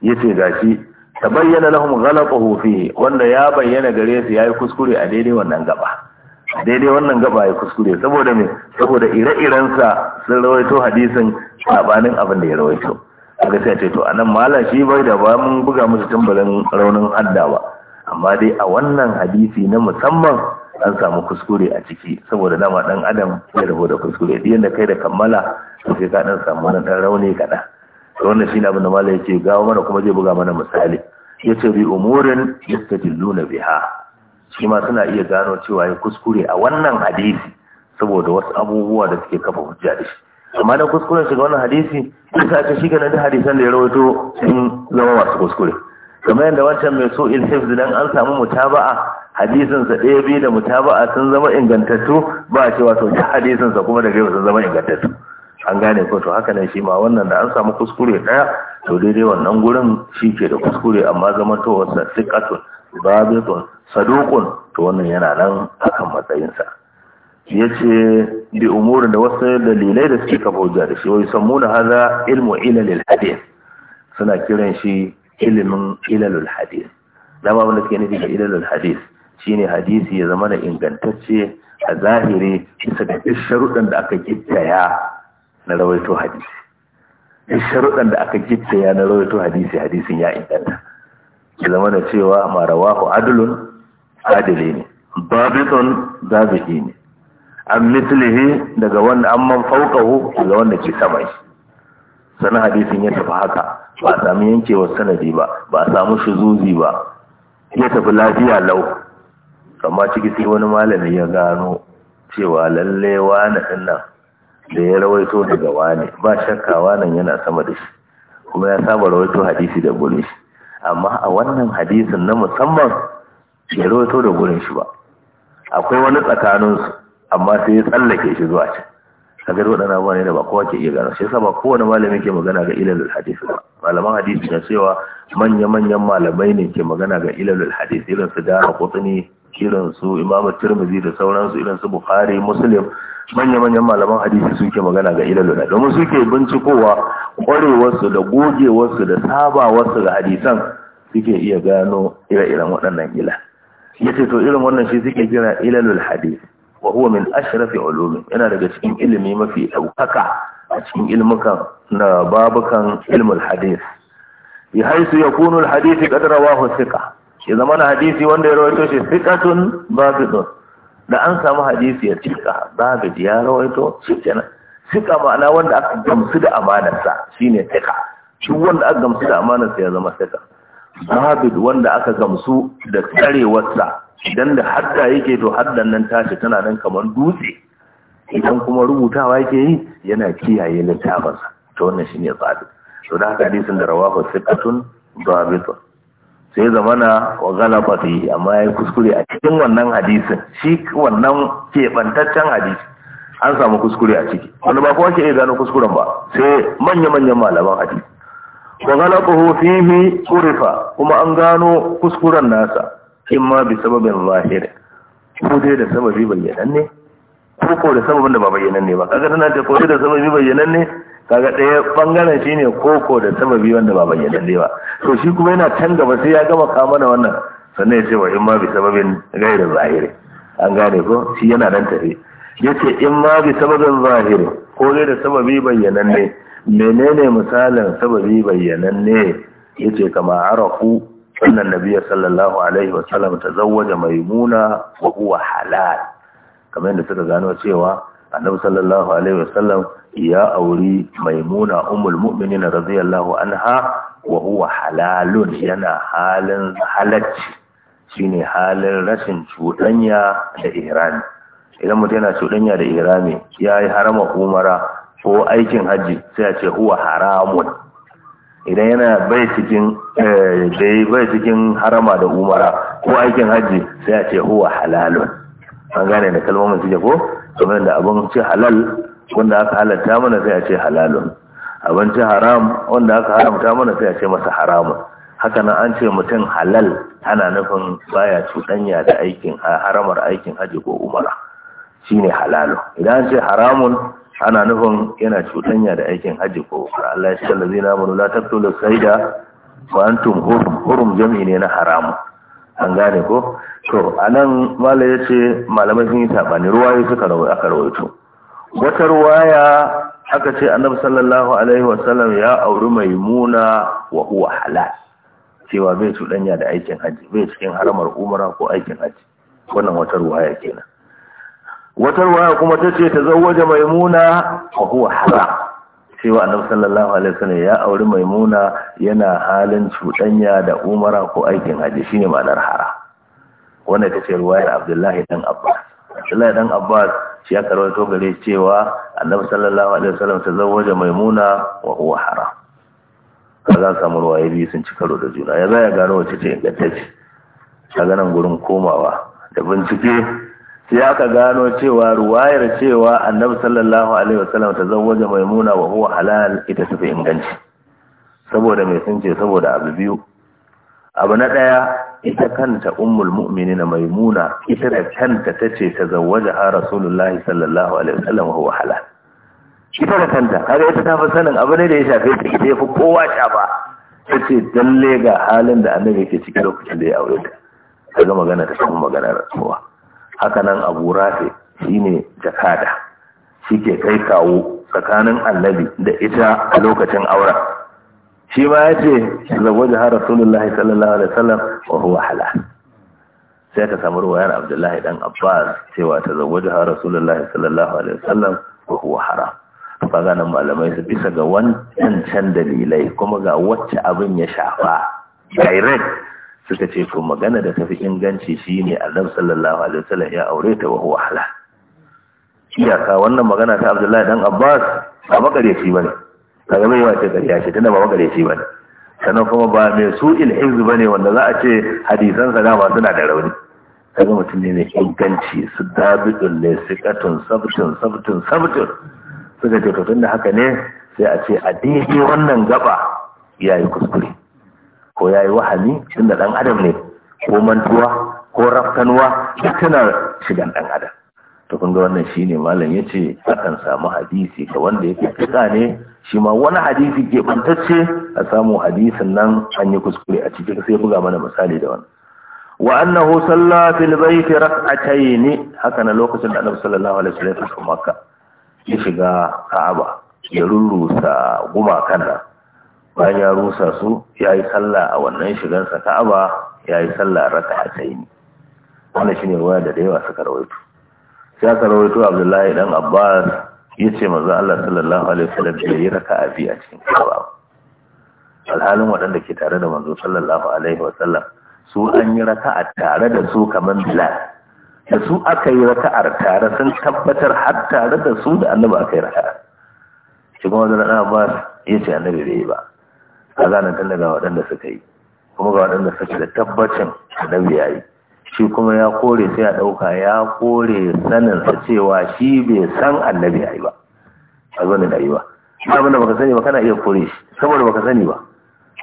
[SPEAKER 1] Ya ce yace shi. bayyana lahum ghalatuhu fihi wanda ya bayyana gare su yayi kuskure a daidai wannan gaba daidai wannan gaba ya kuskure saboda me saboda ire-iren sa sun rawaito hadisin sabanin abin da ya rawaito kaga sai ce to anan malam shi bai da ba mun buga musu tambalin raunin hadda ba amma dai a wannan hadisi na musamman an samu kuskure a ciki saboda dama dan adam ya rabu da kuskure yadda kai da kammala sai ka dan samu wani dan rauni kaɗan wannan shi ne abin da ya yace gawo mana kuma zai buga mana misali Ya ce bi umurin na biha shi ma suna iya gano cewa ya kuskure a wannan hadisi saboda wasu abubuwa da suke kafa hujja da shi amma da kuskure shiga wannan hadisi sai ka shi kana da hadisan da ya rawaito sun zama masu kuskure kamar yadda wancan mai so ilhif dan an samu mutaba'a sa ɗaya biyu da mutaba'a sun zama ingantattu ba a cewa hadisin hadisinsa kuma da gaiwa sun zama ingantattu an gane ko to haka nan shi ma wannan da an samu kuskure daya to daidai wannan gurin shi ke da kuskure amma zama to wasa sikatun babitun sadukun to wannan yana nan akan matsayinsa ya ce bi umurin da wasu dalilai da suke kafa hujja da shi wai san da haza ilmu ilalil hadith suna kiran shi ilimin ilalul hadith dama abin da suke nufi da ilalul hadith shine hadisi ya zama da ingantacce a zahiri bisa da duk sharuɗan da aka gittaya na rawaito hadisi in sharuɗan da aka ya na rawaito hadisi hadisin ya inganta ya zama da cewa marawahu adulun adili ne babitun zabiki ne an mislihi daga wanda an man fauƙahu daga wanda ke sama shi sanin hadisin ya tafi haka ba a sami yankewar sanadi ba ba a samu zuzi ba ya tafi lafiya lau amma ciki sai wani malami ya gano cewa lallai na ɗin nan da ya rawaito daga wani ba shakka wannan yana sama da shi kuma ya saba rawaito hadisi da gurin shi amma a wannan hadisin na musamman ya rawaito da gurin shi ba akwai wani tsakaninsu amma sai ya tsallake shi zuwa can kagar waɗanda abubuwa ne da ba kowa ke iya gano shi ba kowane malami ke magana ga ilalul hadisi ba malaman hadisi na cewa manya-manyan malamai ne ke magana ga ilalul hadisi. irin su dara qutni irin su imamu tirmidhi da sauransu irin su bukhari muslim manya-manyan malaman hadisi suke magana ga ilaluna domin suke bincikowa ƙwarewarsu da gogewarsu da sabawarsu ga hadisan suke iya gano ire-iren waɗannan ila ya ce to irin wannan shi suke kira ilalul hadis wa huwa min ashrafi ulumi yana daga cikin ilimi mafi ɗaukaka a cikin ilmukan na babukan ilmul hadis ya haisu ya kunu hadisi kadarawa wa ya zama na hadisi wanda ya rawaito shi sikatun babidun da an samu hadisi ya cika zabi ya rawaito shi kenan cika ma'ana wanda aka gamsu da amanarsa shine cika shi wanda aka gamsu da amanarsa ya zama cika zabid wanda aka gamsu da tsarewarsa idan da hadda yake to haddan nan tashi tana nan kamar dutse idan kuma rubutawa yake yi yana kiyaye littafinsa to wannan shine zabid to da haka hadisin da rawahu thiqatun zabitun sai zamana wa galaba amma ya yi kuskure a cikin wannan hadisin shi wannan keɓantaccen hadisi an samu kuskure a ciki wanda ba kowa ke iya gano kuskuren ba sai manya-manyan malaman hadisi wa galabahu fihi kurifa kuma an gano kuskuren nasa in ma bi sababin zahiri ko dai da sababi ne? ko ko da sababin da ba ne ba kaga tana ta ko da sababi ne? kaga ɗaya bangaren shine koko da sababi wanda ba bayyananne ba to shi kuma yana can gaba sai ya gama kama da wannan sannan ya ce wa in ma bi sababin gairin zahiri an gane ko shi yana nan tafi ce in ma bi sababin zahiri ko dai da sababi bayyananne menene misalin sababi bayyananne ce kama araku sannan nabiya sallallahu alaihi wa sallam ta mai maimuna wa huwa halal kamar yadda suka gano cewa annabi sallallahu alaihi wa sallam ya auri maimuna umul mu'minin radiyallahu anha wa huwa halalun yana halin halacci shine halin rashin cuɗanya da ihrami idan mutum yana cuɗanya da ihrami ya yi harama umara ko aikin hajji sai a ce huwa haramun idan yana bai cikin eh, dai bai cikin harama da umara ko aikin hajji sai a ce huwa halalun an gane da kalmomin suke ko kamar da abin ce halal wanda aka halatta mana sai a ce halalun abinci haram wanda aka haramta mana sai a ce masa haramun haka nan an ce mutum halal ana nufin baya cuɗanya da aikin haramar aikin haji ko umara shine halalun idan an ce haramun ana nufin yana cuɗanya da aikin haji ko umara Allah ya shalla lalzina amanu la tabtulu saida hurum hurum ne na haramu an gane ko to anan malai ce malamai sun yi ruwa yi suka rawaito wata ruwaya aka ce annabi sallallahu alaihi wasallam ya auri maimuna wa huwa halal cewa bai cuɗanya da aikin haji bai cikin haramar umara ko aikin haji wannan wata ruwaya kenan wata ruwaya kuma ta ce ta zawwaje maimuna wa huwa halal cewa annabi sallallahu alaihi wasallam ya auri maimuna yana halin cuɗanya da umara ko aikin haji shine ma'anar hara wannan ta ce ruwayar abdullahi dan abbas Abdullahi dan Abbas shi ya rawaito gare cewa Annabi sallallahu alaihi wasallam zawaje Maimuna wa huwa haram kaza samu ruwaye biyu sun ci karo da juna ya zaya gano wace ce ingantacce ta ganin gurin komawa da bincike sai aka gano cewa ruwayar cewa Annabi sallallahu alaihi wasallam zawaje Maimuna wa huwa halal ita ce inganci saboda mai sun ce saboda abu biyu abu na daya ita kanta ummul mu'minin maimuna ita da kanta tace ta zawaja ha rasulullahi sallallahu alaihi wasallam huwa halal ita da kanta kaga ita ta fi sanin abu ne da ya shafe ta ita fi kowa shafa tace dalle ga halin da annabi yake ciki lokacin da ya aure ta kaga magana ta kuma magana kowa. haka nan abu rafi shine jakada shi ke kai kawo tsakanin annabi da ita a lokacin auren shi ma ya ce zawaja jihar rasulullahi sallallahu alaihi wasallam wa huwa halal sai ka samu ruwayar abdullahi dan abbas cewa ta zawaja jihar rasulullahi sallallahu alaihi wasallam wa huwa haram ba ganin malamai su bisa ga wancan dalilai kuma ga wacce abin ya shafa direct suka ce ko magana da tafi inganci shine annabi sallallahu alaihi wasallam ya aure ta wa huwa halal iyaka wannan magana ta abdullahi dan abbas ba makareci bane kaga mai wace ya ce tana ba magare ba ne sannan kuma ba mai su ilhiz ba ne wanda za a ce hadisansa dama suna da rauni kaga mutum ne mai inganci su dabidun ne katun sabtun sabtun sabtun suka ce to tunda haka ne sai a ce a daidai wannan gaba ya yi kuskure ko ya yi wahami tunda ɗan adam ne ko mantuwa ko raftanuwa duk tana shigan ɗan adam to kun ga wannan shine malam yace akan samu hadisi ga wanda yake fika ne shi ma wani hadisi ke bantacce a samu hadisin nan an yi kuskure a cikin sai buga mana misali da wannan wa annahu salla fil bayt rak'atayn haka na lokacin da Annabi sallallahu alaihi wasallam ya Makka ya shiga Ka'aba ya rurrusa gumakan nan bayan ya rusa su ya yi sallah a wannan sa Ka'aba ya yi sallah rak'atayn wannan shine ruwaya da da yawa suka rawaito sai aka rawaito abdullahi dan abbas ya ce maza allah sallallahu alaihi wasallam bai yi raka a biyu a cikin kaba alhalin waɗanda ke tare da manzo sallallahu alaihi wasallam su an yi raka a tare da su kamar bila da su aka yi raka'ar tare sun tabbatar har tare da su da annabi aka yi raka'a shi kuma da na abbas ya ce annabi bai yi ba a zanen tun daga waɗanda suka yi kuma ga waɗanda suka da tabbacin annabi ya yi shi kuma ya kore sai a ɗauka ya kore saninsa cewa shi bai san annabi a yi ba albanin da yi ba shi abinda baka sani ba kana iya kore shi saboda baka sani ba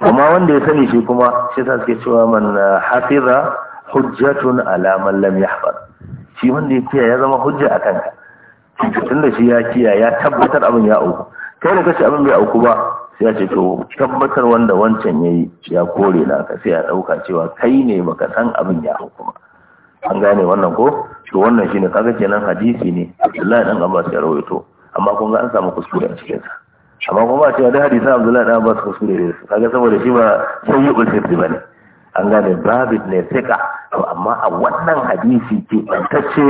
[SPEAKER 1] amma wanda ya sani shi kuma shi ta suke cewa man hafiza hujjatun alaman lam ya haɓar shi wanda ya kiyaye ya zama hujja a kanka tunda shi ya kiyaye ya tabbatar abin ya auku kai da kashi abin bai auku ba sai ce to tabbatar wanda wancan ya yi ya kore ka sai a ɗauka cewa kai ne baka san abin ya hukuma an gane wannan ko to wannan shine kaga kenan hadisi ne Abdullahi dan Abbas ya rawaito amma kun ga an samu kuskure a cikin sa amma kuma a cewa da hadisan Abdullahi dan Abbas kuskure ne kaga saboda shi ba sayyul ba ne. an gane babit ne sika to amma a wannan hadisi ke bantacce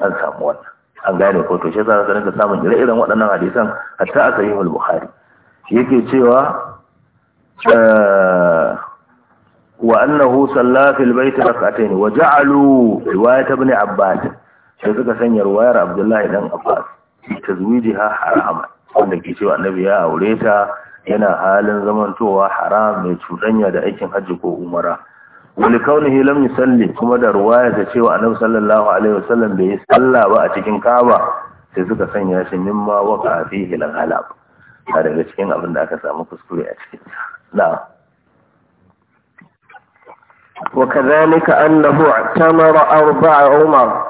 [SPEAKER 1] an samu wannan an gane ko to shi yasa ka samun ire-iren waɗannan hadisan hatta a sahihul Bukhari yake cewa eh, wa annahu salla fil bait rak'atayn wa ja'alu riwayat ibn abbas sai suka sanya riwayar abdullahi dan abbas tazwijiha harama wanda ke cewa annabi ya aure ta yana halin zamantowa haram mai cuɗanya da aikin hajji ko umara wani kaunihi lam yusalli kuma da ruwaya ta cewa annabi sallallahu alaihi wasallam bai yi sallah ba a cikin kaba sai suka sanya shi mimma wa hila al na daga cikin abin da aka samu kuskure a cikin na
[SPEAKER 2] وكذلك أنه اعتمر أربع عمر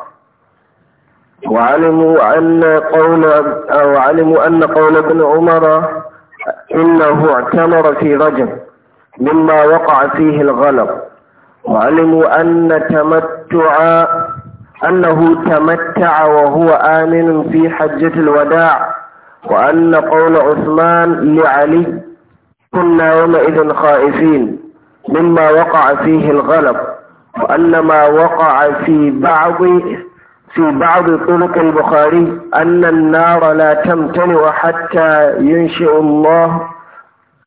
[SPEAKER 2] وعلموا أن قول أو علموا أن قول ابن عمر إنه اعتمر في رجب مما وقع فيه الغلب وعلموا أن تمتع أنه تمتع وهو آمن في حجة الوداع وأن قول عثمان لعلي كنا يومئذ خائفين مما وقع فيه الغلب وأن ما وقع في بعض في بعض طرق البخاري أن النار لا تمتلئ حتى ينشئ الله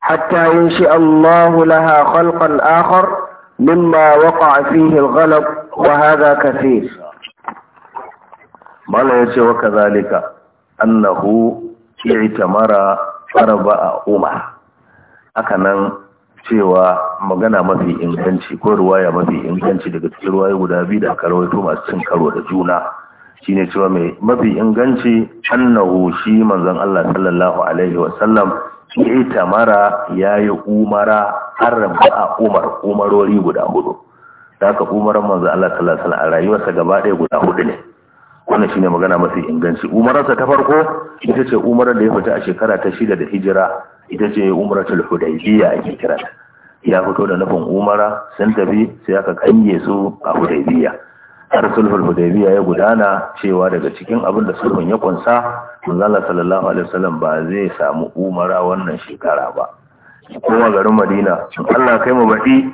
[SPEAKER 2] حتى ينشئ الله لها خلقا آخر مما وقع فيه الغلب وهذا كثير ما لا يشي وكذلك أنه
[SPEAKER 1] ita mara faraba a umar hakanan cewa magana mafi inganci ko ruwaya mafi inganci daga cikin ruwaya guda biyu da aka masu cin karo da juna shine cewa mai mafi inganci annahu shi manzon Allah sallallahu alaihi wa sallam ita mara yayi umara haramta a umar umarori guda hudu da aka umaran manzon Allah sallallahu alaihi wa sallam a rayuwarsa gaba ɗaya guda hudu ne wannan shine magana mafi inganci umararsa ta farko ita ce umarar da ya fita a shekara ta shida da hijira ita ce ta hudaybiyya ake kira ya fito da nufin umara sun tafi sai aka kange su a hudaybiyya har sulhul hudaybiyya ya gudana cewa daga cikin abin da sulhun ya kunsa manzala sallallahu alaihi wasallam ba zai samu umara wannan shekara ba kowa garin madina Allah kai mu baɗi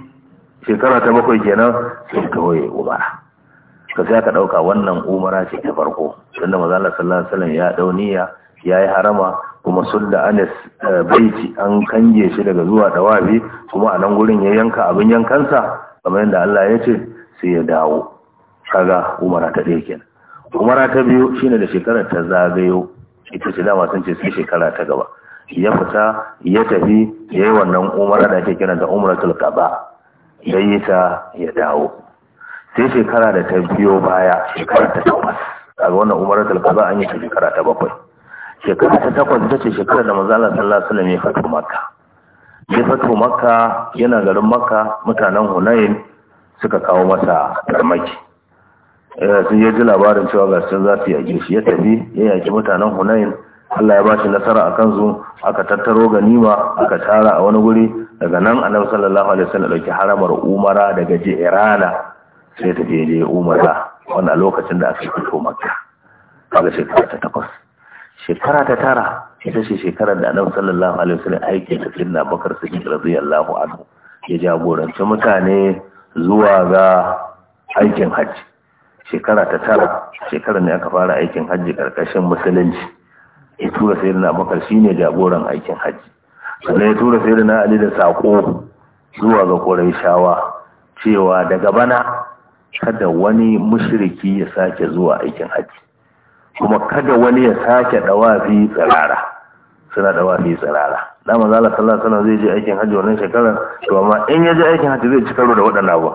[SPEAKER 1] shekara ta bakwai kenan sai kawai umara ka sai ka ɗauka wannan umara ce ta farko tunda maza Allah sallallahu alaihi wasallam ya ɗauniya yayi ya yi harama kuma sulla anas eh, baiti an kange shi daga zuwa dawabi kuma a nan gurin ya yanka abin yankansa kamar yadda Allah ya ce sai ya dawo kaga umara ta ɗaya kenan umara ta biyu shine da shekarar ta zagayo ita ce dama sun ce sai shekara ta gaba ya fita ya tafi ya yi wannan umara da ake kiranta umaratul qaba yayi ta ya dawo sai shekara da ta biyo baya shekara ta takwas a wannan umarar za an yi ta shekara ta bakwai shekara ta takwas ita ce shekara da manzala sallah alaihi wasallam ya fito makka ya fito makka yana garin makka mutanen hunayin suka kawo masa farmaki eh, sun ya ji labarin cewa ga sun za su yaƙe shi ya tafi ya yaƙi mutanen hunayin Allah ya ba shi nasara a kansu aka tattaro ganima aka tara a wani guri daga nan a nan sallallahu alaihi wasallam dauki haramar umara daga jirana sai ta je je umara a lokacin da aka fito maka. kaga shekara ta takwas shekara ta tara ita ce shekarar da annabi sallallahu alaihi wasallam aikin da sayyidina bakar siddiq radiyallahu anhu ya jagoranci mutane zuwa ga aikin hajji shekara ta tara shekara ne aka fara aikin hajji karkashin musulunci ya tura na bakar shine jagoran aikin hajji sannan ya tura da ali da sako zuwa ga shawa cewa daga bana kada wani mushriki ya sake zuwa aikin haji kuma kada wani ya sake fi tsirara suna fi tsirara da manzo Allah sallallahu alaihi wasallam zai je aikin haji wannan shekarar to amma in ya je aikin haji zai ci karo da waɗannan ba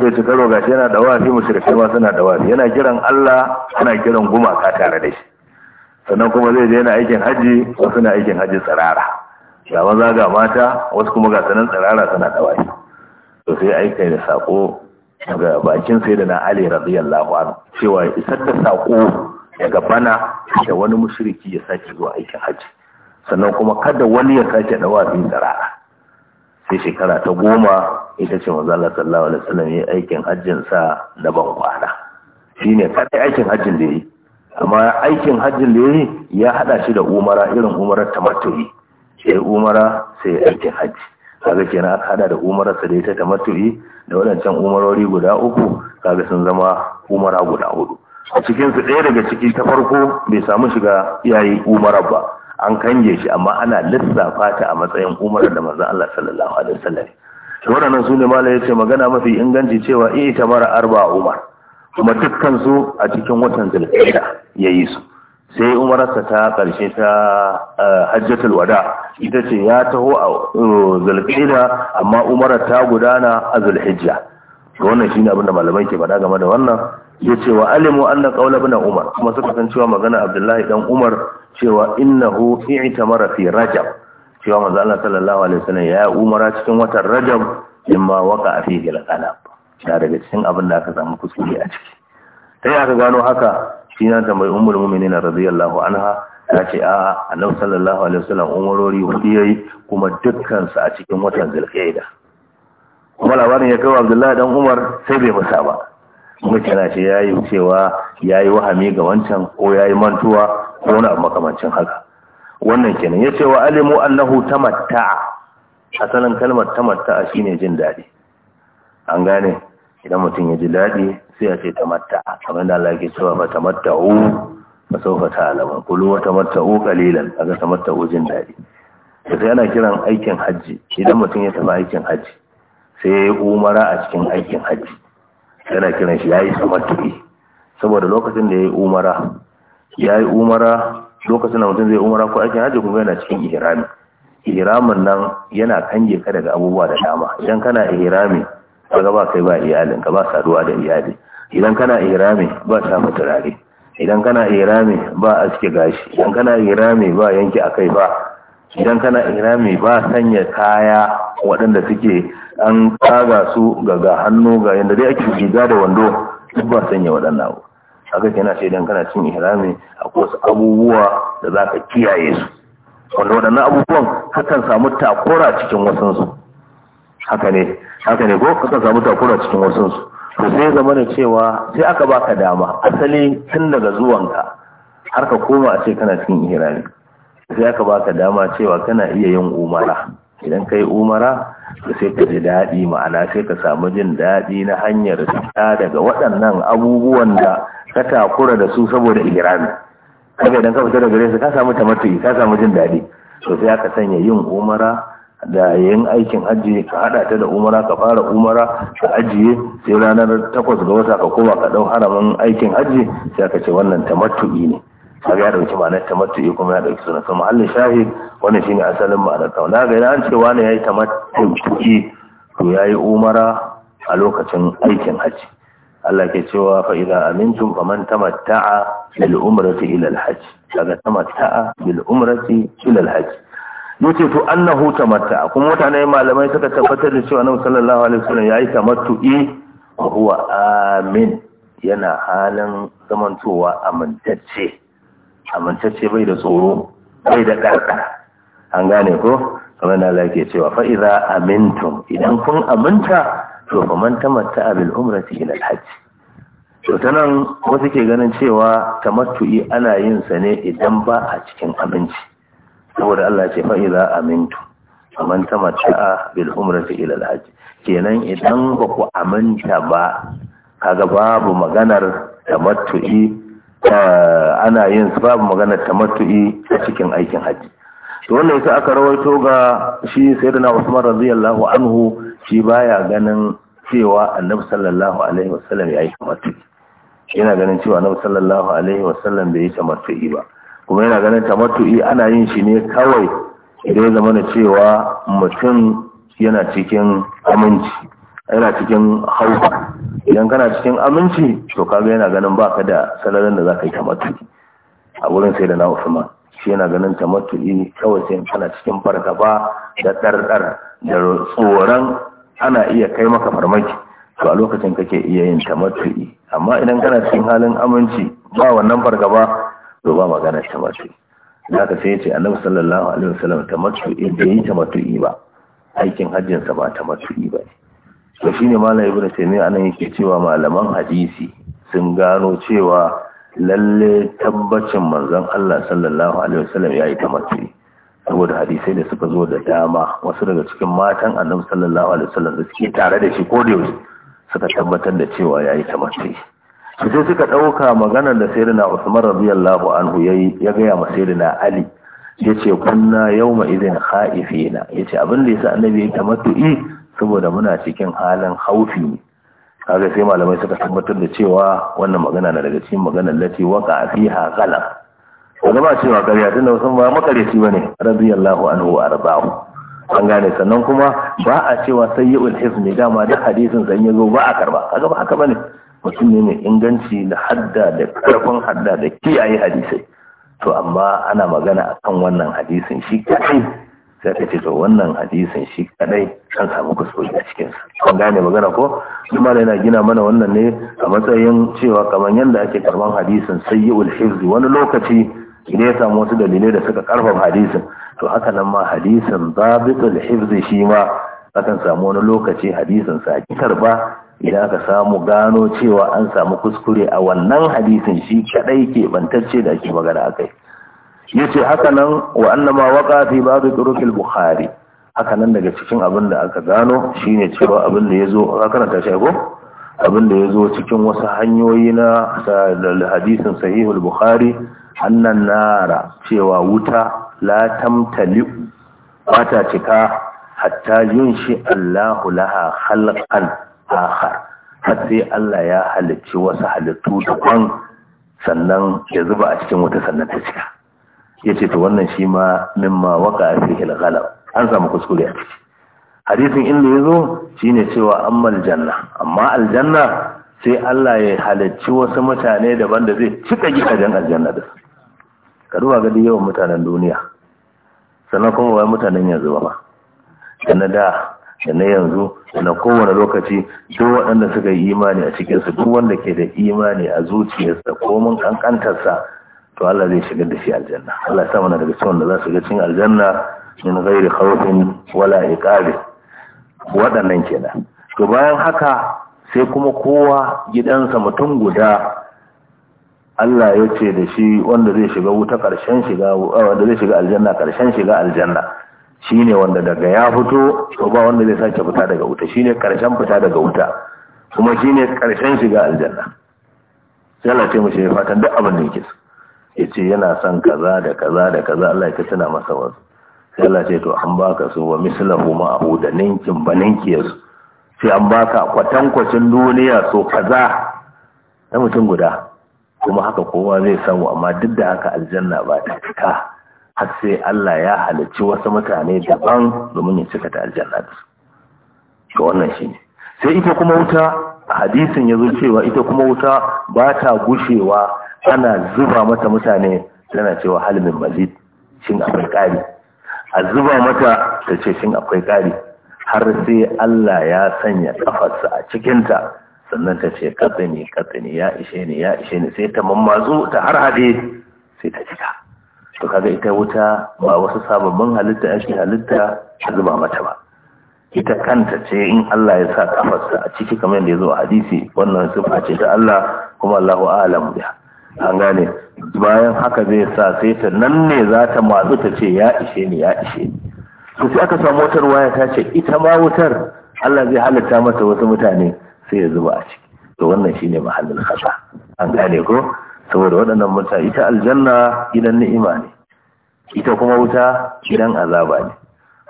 [SPEAKER 1] zai ci karo gashi yana fi mushriki ma suna fi yana kiran Allah yana kiran gumaka tare da shi sannan kuma zai je yana aikin haji wasu na aikin haji tsirara ga maza ga mata wasu kuma ga sanan tsirara suna fi to sai aika da sako daga bakin sai na Ali radiyallahu anhu cewa isar da sako daga bana da wani mushriki ya sake zuwa aikin hajji sannan kuma kada wani ya sake dawa bin tsara sai shekara ta goma ita ce manzo Allah sallallahu alaihi wasallam ya aikin hajjin sa na ban kwana shine kada aikin hajjin da yayi amma aikin hajjin da yayi ya hada shi da umara irin umarar tamattu'i sai umara sai aikin hajji kaga kenan aka hada da umararsa da ita ta matu'i da wadancan umarori guda uku kaga sun zama umara guda hudu a cikin su ɗaya daga ciki ta farko bai samu shiga iyaye umara ba an kange shi amma ana lissafa ta a matsayin umarar da manzon Allah sallallahu alaihi wasallam to wannan sune malai yace magana mafi inganci cewa ta mara arba umar kuma dukkan su a cikin watan zulhijja yayi su sai umararsa ta ƙarshe ta eh, hajjatul wada ita ce ya taho a eh, zulhijja amma umarar ta gudana a zulhijja to wannan shine abinda malamai ke faɗa game da wannan Ya ce wa alimu anna qawla ibn umar kuma suka san cewa magana abdullahi dan umar cewa innahu i'tamara fi rajab cewa manzo Allah sallallahu alaihi wasallam ya umara cikin watan rajab imma waqa fihi al-qalab daga cikin abinda aka samu kuskure a ciki sai aka gano haka shi na tambayi ummul mu'minin radiyallahu anha ta ce a annabi sallallahu alaihi wasallam umarori hudu yayi kuma dukkansu a cikin watan zulqa'ida kuma labarin ya kawo Abdullahi dan Umar sai bai musa ba kuma kana ce yayi cewa yayi wahami ga wancan ko yayi mantuwa ko wani abu makamancin haka wannan kenan ya ce wa alimu annahu tamatta'a asalin kalmar tamatta'a shine jin daɗi. an gane idan mutum ya ji daɗi sai ya ce a kamar da ba yake cewa fa tamatta'u fa sawfa ta'lamun kulu a ga ta matta u jin daɗi sai yana kiran aikin hajji idan mutum ya tafi aikin hajji sai ya yi umara a cikin aikin hajji yana kiran shi ya yayi u saboda lokacin da ya yi umara ya yi umara lokacin da mutum zai umara ko aikin hajji kuma yana cikin ihrami ihramin nan yana kange ka daga abubuwa da dama idan kana ihrami kaga ba kai ba iyalin ka ba saduwa da iyali idan kana irami ba shafa turare idan kana irami ba aske gashi idan kana irami ba yanke akai ba idan kana irami ba sanya kaya waɗanda suke an kaga su ga hannu ga yanda dai ake riga da wando duk ba sanya waɗannan abu haka kenan sai idan kana cin irami akwai wasu abubuwa da zaka kiyaye su wanda waɗannan abubuwan hakan samu takura cikin wasansu haka ne haka ne ko ka samu takura cikin wasu su sai zama ne cewa sai aka baka dama asali tun daga zuwanka har ka koma a ce kana cikin ihrami sai aka baka dama cewa kana iya yin umara idan ka yi umara sai ka ji daɗi ma'ana sai ka samu jin daɗi na hanyar fita daga waɗannan abubuwan da ka takura da su saboda ihrami kaga idan ka fita daga gare su ka samu tamattu'i ka samu jin daɗi to aka sanya yin umara da yin aikin hajji ka hada ta da umara ka fara umara ka ajiye sai ranar takwas ga wata ka koma ka dau haramin aikin hajji sai ka ce wannan tamattu'i ne kaga ya dauki ma'anar tamattu'i kuma ya dauki sunan kuma Allah shahid wannan shine asalin ma'anar ta na ga an ce wani yayi tamattu'i to yayi umara a lokacin aikin hajji Allah ke cewa fa idan amintum faman tamatta'a lil umrati ila al hajj kaga tamatta'a bil umrati ila al hajj yace to annahu tamatta kuma mutane malamai suka tabbatar da cewa annabi sallallahu alaihi wasallam yayi tamattu'i wa huwa amin yana halin zamantowa amintacce amintacce bai da tsoro bai da karka an gane ko kamar na lake cewa fa idza amintum idan kun aminta to fa man tamatta bil umrati ila al to to nan wasu ke ganin cewa tamattu'i ana yin sa ne idan ba a cikin aminci saboda Allah ce fa iza amintu faman tamatta'a bil umrati ila al hajj kenan idan ba ku aminta ba kaga babu maganar tamattu'i eh, ana yin babu maganar tamattu'i a cikin aikin hajji to wannan yasa aka rawaito ga shi sayyidina Usman radiyallahu anhu shi baya ganin cewa Annabi sallallahu alaihi wasallam yayi tamattu'i yana ganin cewa Annabi sallallahu alaihi wasallam bai yi tamattu'i ba kuma yana ganin tamattu'i ana yin shi ne kawai idan zama na cewa mutum yana cikin aminci yana cikin hauka idan kana cikin aminci to kaga yana ganin ba ka da salarin da za ka yi tamattu'i a wurin sai da na usman shi yana ganin tamattu'i kawai sai kana cikin fargaba da ɗarɗar da tsoron ana iya kai maka farmaki to a lokacin kake iya yin tamattu'i amma idan kana cikin halin aminci ba wannan fargaba to ba magana tamattu da ka sai ce annabi sallallahu alaihi wasallam tamattu idan yi ba aikin hajjin sa ba ta tamattu ba to shine malam ibnu taymiya anan yake cewa malaman hadisi sun gano cewa lalle tabbacin manzon Allah sallallahu alaihi wasallam yayi tamattu saboda hadisai da suka zo da dama wasu daga cikin matan annabi sallallahu alaihi wasallam da suke tare da shi ko da yaushe suka tabbatar da cewa yayi matu'i. sai suka ɗauka maganar da sayyidina Usman radiyallahu anhu yayi ya gaya ma sayyidina Ali Ya ce kunna yau yawma na? Ya ce abin da ya sa annabi ya i saboda muna cikin halin haufi ne kaga sai malamai suka tabbatar da cewa wannan magana na daga cikin maganar lati a fiha kala wanda ba cewa ƙarya tunda wasu ba makareci bane radiyallahu anhu wa arba'u. an gane sannan kuma ba a cewa sayyi'ul hizmi dama duk hadisin san yazo ba a karba kaga ba haka bane mutum ne mai inganci da hadda da karfin hadda da kiyaye hadisai to amma ana magana a kan wannan hadisin shi kadai sai ka ce to wannan hadisin shi kadai kan samu kuskure a cikinsa. kan gane magana ko kuma yana gina mana wannan ne a matsayin cewa kamar yadda ake karban hadisin yi hifzi wani lokaci idan ya samu wasu dalilai da suka karfafa hadisin to haka nan ma hadisin zabitul hifzi shi ma akan samu wani lokaci hadisin sa ki karba idan aka samu gano cewa an samu kuskure a wannan hadisin shi kadai ke bantacce da ake magana akai yace haka nan wa annama waqa fi ba'd al bukhari haka nan daga cikin abin da aka gano shine cewa abin da yazo ka karanta shi ko abin da yazo cikin wasu hanyoyi na hadisin sahihul bukhari annan nara cewa wuta la tamtali bata cika hatta yunshi Allahu laha khalqan akhar har sai Allah ya halicci wasu halittu daban sannan ya zuba a cikin wata sannan ta cika yace to wannan shi ma mimma waka fi al-ghalab an samu kuskure a ciki hadisin inda yazo shine cewa ammal janna amma aljanna sai Allah ya halicci wasu mutane daban da zai cika gidajen aljanna da su ka duba ga yawan mutanen duniya sannan kuma wai mutanen yanzu ba na da da yanzu da na kowane lokaci duk waɗanda suka yi imani a cikinsu duk wanda ke da imani a zuciyarsa ko mun kankantarsa to Allah zai shigar da shi aljanna Allah sa mana daga cikin wanda za su ga cikin aljanna min ghairi khawfin wala iqab waɗannan kenan to bayan haka sai kuma kowa gidansa mutum guda Allah ya ce da shi wanda zai shiga wuta ƙarshen shiga wanda zai shiga aljanna ƙarshen shiga aljanna shine wanda daga ya fito to ba wanda zai sake fita daga wuta shine karshen fita daga wuta kuma shine karshen shiga aljanna sai Allah ya mishi fatan duk abin da yake so yace yana son kaza da kaza da kaza Allah ya tana masa wasu sai Allah ce to an baka su wa mislahu ma'ahu da ninkin ba ninkiyar sai an baka kwatankwacin duniya so kaza na mutum guda kuma haka kowa zai samu amma duk da haka aljanna ba ta cika har sai Allah ya halicci wasu mutane daban domin ya cika ta aljanna ga wannan ne sai ita kuma wuta hadisin yazo cewa ita kuma wuta ba ta gushewa ana zuba mata mutane tana cewa halmin mazid shin akwai ƙari. a zuba mata ta ce shin akwai ƙari. har sai Allah ya sanya kafarsa a cikinta sannan ta ce katsini katsini ya ishe ni ya ishe ni sai ta mammazo ta har hade sai ta cika to kaga ita wuta ba wasu sababbin halitta ake halitta ta zuba mata ba ita kanta ce in Allah ya sa kafarsa a ciki kamar yadda ya zo a hadisi wannan sifa ce ta Allah kuma Allahu alam biha an gane bayan haka zai sa sai ta nan ne za ta matsu ta ce ya ishe ni ya ishe ni to sai aka samu wutar waya ta ce ita ma wutar Allah zai halitta mata wasu mutane sai ya zuba a ciki to wannan shine mahallin khata an gane ko saboda waɗannan mutane ita aljanna gidan ni'ima ne ita kuma wuta idan azaba ne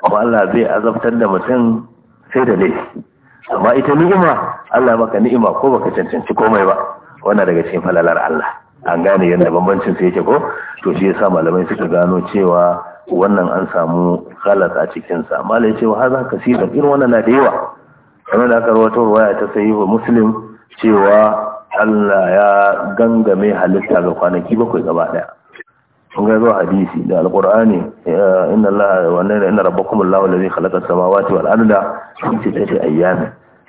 [SPEAKER 1] amma Allah zai azabtar da mutum sai da laifi amma ita ni'ima Allah maka ni'ima ko baka cancanci komai ba wannan daga cikin falalar Allah an gane yadda bambancin sai yake ko to shi yasa malamai suka gano cewa wannan an samu khalas a cikin sa malai cewa haza kasiran irin wannan na da yawa kamar da aka rawaito riwaya ta sahihu muslim cewa Allah ya gangame halitta ga kwanaki bakwai gaba daya kun ga zuwa hadisi da alqur'ani eh, inna Allah wa inna rabbakum allahu allazi khalaqa samawati wal arda fi sittati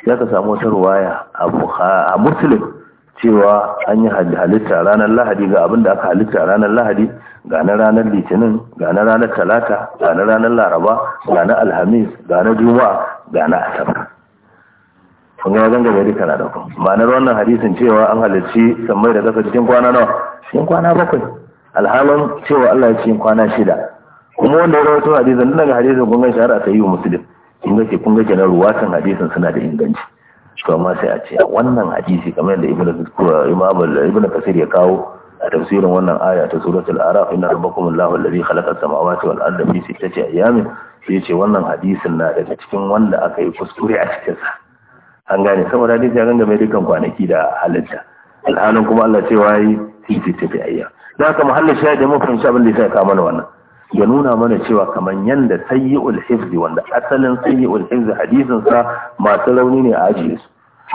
[SPEAKER 1] Ya ka samu wata ruwaya a muslim cewa an yi halitta ranar lahadi ga abin da aka halitta ranar lahadi ga na ranar litinin ga na ranar talata ga na ranar laraba ga na alhamis ga na juma'a ga na asabar kun ga wajen gaba duka da ku. ma'anar wannan hadisin cewa an halarci sammai da kasa cikin kwana nawa cikin kwana bakwai alhalin cewa Allah ya cikin kwana shida kuma wanda ya rawaito hadisin daga hadisin kun ga shahara ta yi wa musulun kun ga ke kun ga kenan ruwatan hadisin suna da inganci to amma sai a ce wannan hadisi kamar yadda ibnu imam ibnu kasir ya kawo a tafsirin wannan aya ta suratul araf inna rabbakum allahu allazi khalaqa as-samawati wal arda fi sittati ayamin sai ce wannan hadisin na daga cikin wanda aka yi kuskure a cikin sa an gane saboda hadisi ya ganga mai kwanaki da halitta alhalin kuma Allah cewa wai titi titi ayya da haka muhallin shayar da mafi shi abin da ya kawo wannan ya nuna mana cewa kamar yanda sayyi'ul ulhifzi, wanda asalin sayyi'ul hifzi hadisin sa masu rauni ne a ajiye su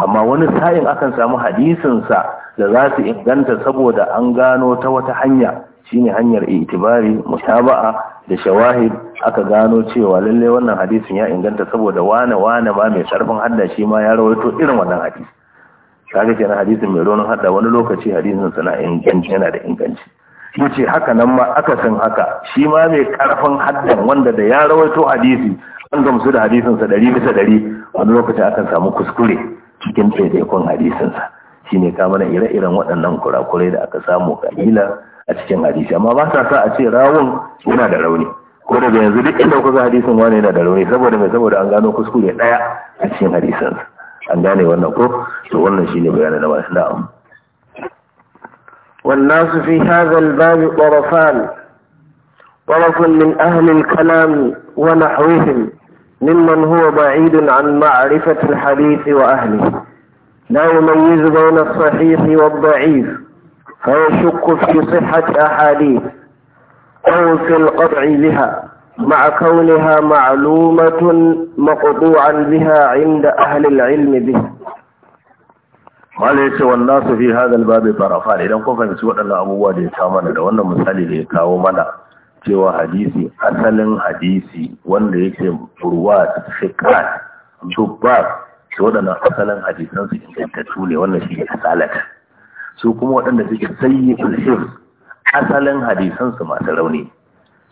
[SPEAKER 1] amma wani sa'in akan samu hadisin sa da za su inganta saboda an gano ta wata hanya shine hanyar itibari mutaba'a da shawahid aka gano cewa lalle wannan hadisin ya inganta saboda wane wane ma mai sarfin hadda shi ma ya rawaito irin wannan hadisi kaga kenan hadisin mai raunin hadda wani lokaci hadisin sana inganci yana da inganci yace haka nan ma aka san haka shi ma mai karfin haddan wanda da ya rawaito hadisi an gamsu da hadisin sa 100 bisa 100 wani lokaci akan samu kuskure cikin daidaikon hadisin sa shine ka mana ire-iren waɗannan kurakurai da aka samu kaila a cikin hadisi amma ba sa sa a ce rawun yana da rauni ko daga yanzu duk inda kuka hadisin wani yana da rauni saboda mai saboda an gano kuskure daya a cikin hadisin an gane wannan ko to wannan shine bayanin da ba shi na'am
[SPEAKER 2] والناس في هذا الباب طرفان طرف من أهل الكلام ونحوهم ممن هو بعيد عن معرفة الحديث وأهله لا يميز بين الصحيح والضعيف فيشك في صحة أحاديث أو في القطع بها مع كونها معلومة مقطوعا بها عند أهل العلم بها wala ya ce wannan su fi hadal
[SPEAKER 1] babu tarafa idan kuma fahimci waɗannan abubuwa da ya kawo mana da wannan misali da ya kawo mana cewa hadisi asalin hadisi wanda yake ruwa fiqat su waɗannan asalin hadisan su ingantattu ne wannan shi ne asalata su kuma waɗanda suke sayi ulhif asalin hadisansu masu rauni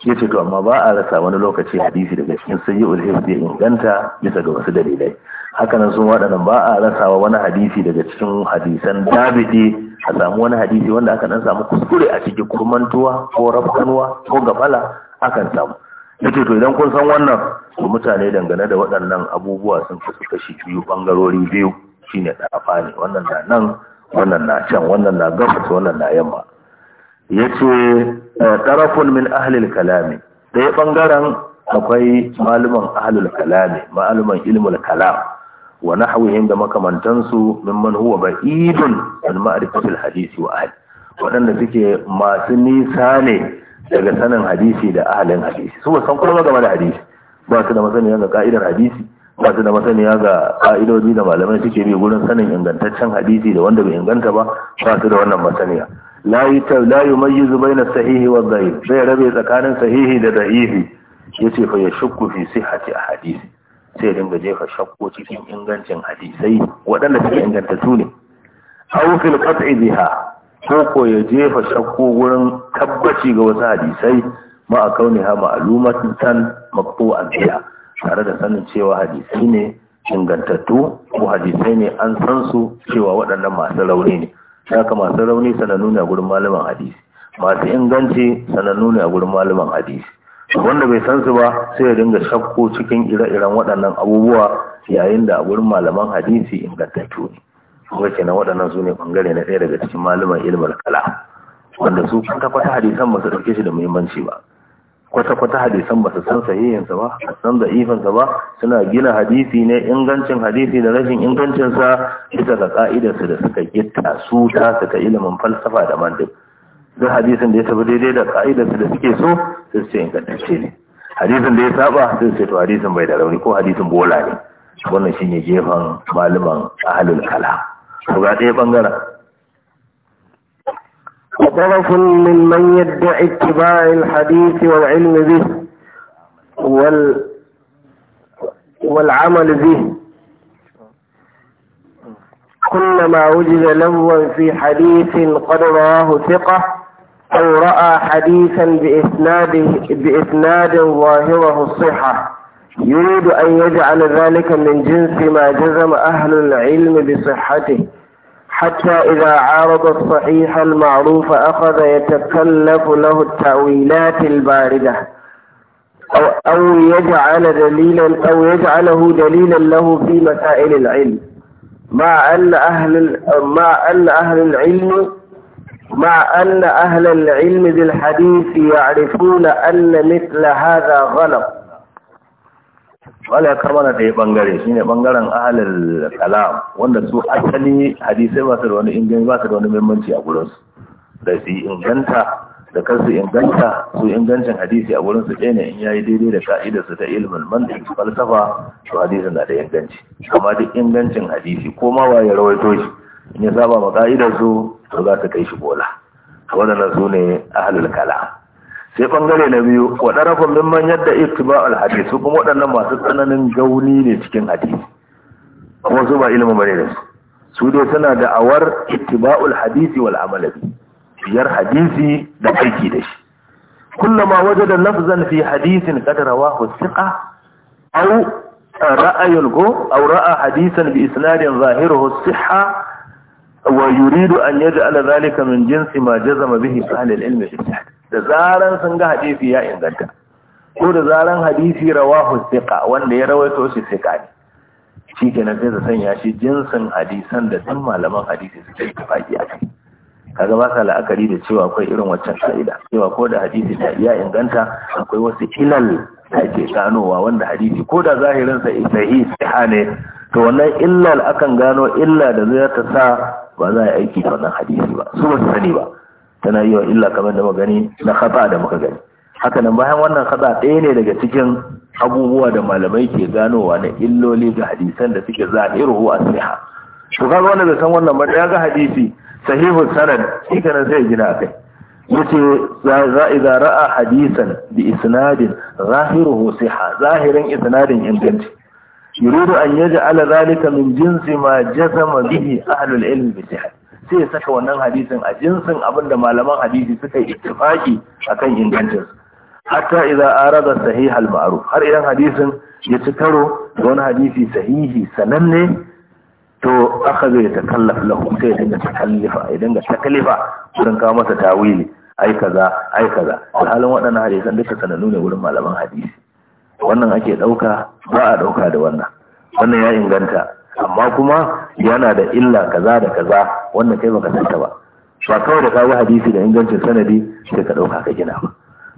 [SPEAKER 1] ya ce to amma ba a rasa wani lokaci hadisi daga cikin sayyi ulhif zai inganta bisa ga wasu dalilai hakanan sun waɗannan ba a rasawa wani hadisi daga cikin hadisan dabidi a samu wani hadisi wanda aka dan samu kuskure a cikin kurmantuwa ko rafkanuwa ko gafala akan samu ya ce to idan kun san wannan mutane dangane da waɗannan abubuwa sun kasu kashi biyu ɓangarori biyu shine ɗafa ne wannan da nan wannan na can wannan na gabas wannan na yamma yace eh, tarafun min ahlil kalami ɗaya bangaren akwai maluman ahlul kalami maluman ilmul kalam wa nahwihim da makamantansu mimman huwa ba'idun wani ma'rifatil hadisi wa waɗanda suke masu nisa ne daga sanin hadisi da ahalin hadisi su ba san kuma game da hadisi ba su da masaniyar ga ka'idar hadisi ba da masaniya ga ƙa'idodi da malamai suke bi gurin sanin ingantaccen hadisi da wanda bai inganta ba ba su da wannan masaniya la yumayyizu baina sahihi wa dhaif sai rabe tsakanin sahihi da Ya yace fa yashukku fi sihhati hadisi sai dinga jefa shakku cikin ingancin hadisai waɗanda suke inganta su ne aw fil qat'i biha ko ko ya jefa shakku wurin tabbaci ga wasu hadisai ma akauniha ma'lumatan maqtu'an biha tare da sanin cewa hadisi ne ingantattu ko hadisai ne an san su cewa waɗannan masu rauni ne haka masu rauni sanannu ne a gurin malaman hadisi masu inganci sanannu ne a gurin malaman hadisi wanda bai san su ba sai ya dinga shakko cikin ire-iren waɗannan abubuwa yayin da a gurin malaman hadisi ingantattu ne kuma kenan waɗannan su ne bangare na ɗaya daga cikin malaman ilmar kala wanda su kwata-kwata hadisan ba su ɗauke shi da muhimmanci ba kwata-kwata hadisan ba su san sahihinsa ba a san da'ifansa ba suna gina hadisi ne ingancin hadisi da rashin ingancinsa bisa ga ka'idarsu da suka gitta su ta suka ilimin falsafa da mandik duk hadisin da ya tafi daidai da ka'idarsu da suke so sai ce ingantacce ne hadisin da ya saba sai ce to hadisin bai da rauni ko hadisin bola ne wannan shine gefen malaman ahlul kalam ko ga ɗaya bangaren
[SPEAKER 2] وطرف ممن يدعي اتباع الحديث والعلم به وال والعمل به كلما وجد لوا في حديث قد رواه ثقة أو رأى حديثا بإسناد بإسناد ظاهره الصحة يريد أن يجعل ذلك من جنس ما جزم أهل العلم بصحته حتى إذا عارض الصحيح المعروف أخذ يتكلف له التأويلات الباردة أو, أو يجعل دليلا أو يجعله دليلا له في مسائل العلم مع أن أهل مع أن أهل العلم مع أن أهل العلم بالحديث يعرفون أن مثل هذا غلط
[SPEAKER 1] wala ya karba na ɗaya ɓangare shi ne ɓangaren ahalar kalam wanda su asali hadisai ba su da wani inganci ba su da wani a gurinsu da su inganta da kansu inganta su ingancin hadisi a gurinsu ɗaya ne in yayi daidai da ka'idarsu ta ilimin mantik falsafa to hadisin na da inganci amma duk ingancin hadisi ko ma waye rawaito shi in ya saba ma ka'idarsu to za ta kai shi bola waɗannan su ne ahalar kalam sai bangare na biyu waɗarafin mimman yadda ittiba alhadis su kuma waɗannan masu tsananin gauni ne cikin hadisi kuma su ba ilimin bane da su su dai suna da awar ittiba'ul hadisi wal amal biyar hadisi da aiki da shi kullama da lafzan fi hadisin qad rawahu thiqa aw ra'ayul go ra'a hadisan bi isnadin zahiruhu siha wa yuridu an yaj'ala dhalika min jinsi ma jazama bihi ahli al-ilm fi da zaran sun ga hadisi ya inganta ko da zaran hadisi rawahu thiqa wanda ya rawaito shi thiqa ne shi kenan sai su sanya shi jinsin hadisan da duk malaman hadisi suke tafaki a kai kaga ba sa la'akari da cewa akwai irin waccan sa'ida cewa ko da hadisi ta iya inganta akwai wasu ilal da ake ganowa wanda hadisi ko da zahirin sa sahihi sahiha ne to wannan illal akan gano illa da zai ta sa ba za a yi aiki da wannan hadisi ba su ba su sani ba tana yi wa illa kamar da magani na khata da muka gani Hakanan, bayan wannan khata ɗaya ne daga cikin abubuwa da malamai ke ganowa na illoli ga hadisan da suke zahiru a siha to ga wanda da san wannan ba ya ga hadisi sahihu sanad shi kana sai gina akai yace za idza ra'a hadisan bi isnadin zahiruhu siha zahirin isnadin inganci yuridu an yaj'ala zalika min jinsi ma jazama bihi ahlul ilm bi sihha sai ya saka wannan hadisin a jinsin abinda malaman hadisi suka yi ittifaki akan ingancinsu. hatta idza arada sahih al ma'ruf har idan hadisin ya ci karo da wani hadisi sahihi sananne to aka zai ta kallaf lahu sai dinga takallifa a ya dinga takallifa wurin kawo masa tawili ai kaza ai kaza halin waɗannan hadisan duka sanannu ne wurin malaman hadisi wannan ake ɗauka ba a ɗauka da wannan wannan ya inganta amma kuma yana da illa kaza da kaza wannan kai baka santa ba ba kawai da kawo hadisi da ingancin sanadi sai ka dauka ka gina ba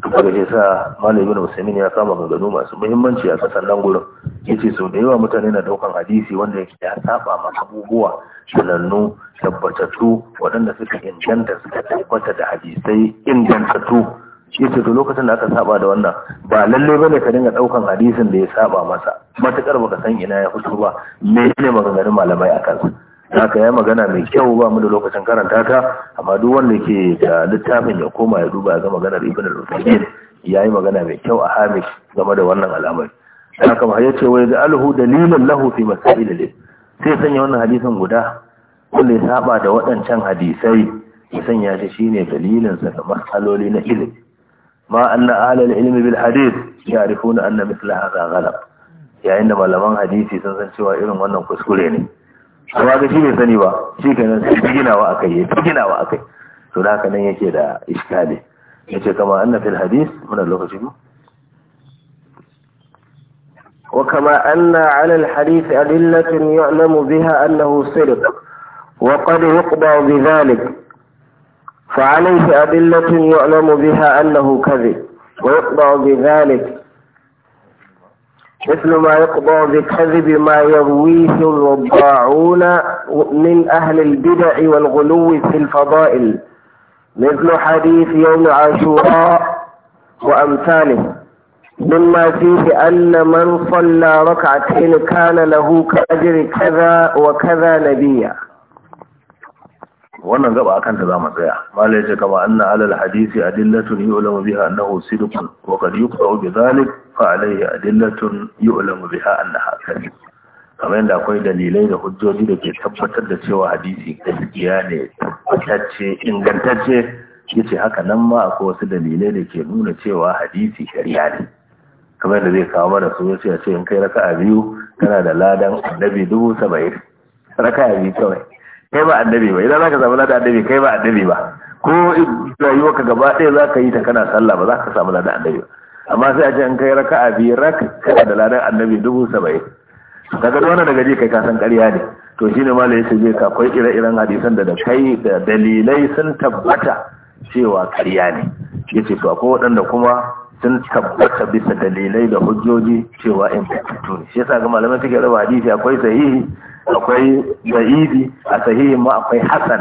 [SPEAKER 1] daga ce sa malam ibnu musaimin ya kama ganganu masu muhimmanci a kasan nan gurin yace sau da yawa mutane na daukan hadisi wanda yake ya saba ma abubuwa sanannu tabbatattu waɗanda suka inganta suka tabbata da hadisai ingantattu shi ce to lokacin da aka saba da wannan ba lalle bane ka dinga daukan hadisin da ya saba masa matakar baka san ina ya fito ba me ne maganganun malamai akan su haka ya magana mai kyau ba mu da lokacin karanta ta amma duk wanda ke da littafin ya koma ya duba ga maganar ibn al-usaymin yayi magana mai kyau a hamis game da wannan al'amari haka ma yace wai da alhu dalilan lahu fi masailil sai sanya wannan hadisin guda wanda ya saba da waɗancan hadisai ya sanya shi shine dalilinsa ga masaloli na ilimi ما أن أهل العلم بالحديث يعرفون أن مثل هذا غلط يعني إنما لما حديثي سنسان شواء إلهم وأنهم كسكوليني سواء كشيبه سنبا شيء كان سنبجنا وأكي يتجنا وأكي سلاك أن يكيد إشكالي يكيد كما أن في الحديث من اللغة جمع
[SPEAKER 2] وكما أن على الحديث أدلة يعلم بها أنه صدق وقد يقضى بذلك فعليه أدلة يعلم بها أنه كذب ويقضى بذلك مثل ما يقضى بكذب ما يرويه الوضاعون من أهل البدع والغلو في الفضائل مثل حديث يوم عاشوراء وأمثاله مما فيه أن من صلى ركعتين كان له كأجر كذا وكذا نبيا wannan gaba akan
[SPEAKER 1] ta zama tsaya malai ce kama anna alal hadisi adillatun yu'lamu biha annahu sidqun wa qad yuqta'u bi zalik fa alayhi adillatun yu'lamu biha annaha kadhib kamar yadda akwai dalilai da hujjoji da ke tabbatar da cewa hadisi gaskiya ne tabbatacce ingantacce yace haka nan ma akwai wasu dalilai da ke nuna cewa hadisi shari'a ne kamar yadda zai kawo mana su yace ce in kai raka'a biyu kana da ladan annabi dubu saba'in raka'a biyu kawai kai ba annabi ba idan zaka samu ladan annabi kai ba annabi ba ko rayuwar ka gaba ɗaya zaka yi ta kana sallah ba zaka samu ladan annabi ba amma sai a ce an kai raka'a biyu rak kana da ladan annabi dubu saba'in daga wannan daga je kai ka san ƙarya ne to shine malai yace je ka akwai ire-iren hadisan da da kai da dalilai sun tabbata cewa ƙarya ne yace to akwai waɗanda kuma sun tabbata bisa dalilai da hujjoji cewa fitattu ne shi yasa ga malamai suke raba hadisi akwai sahihi akwai da'ifi a sahihi ma akwai hasan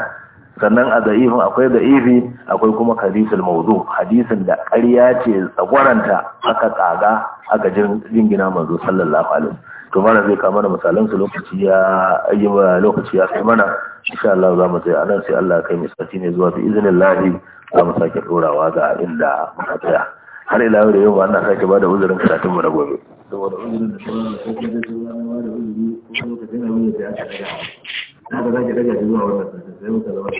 [SPEAKER 1] sannan a da'ifin akwai da'ifi akwai kuma hadisul mawdu hadisin da ƙarya ce tsagwaranta aka tsaga aka jingina manzo sallallahu alaihi to mana zai kama da misalan su lokaci ya yi lokaci ya kai mana insha Allah za mu tsaya anan sai Allah ya kai misali ne zuwa izinin iznillahi za mu sake dorawa ga inda muka tsaya har ila yau da yau ana sake ba da uzurin karatun mu na gobe uzuri ko da ya daga zuwa wannan sai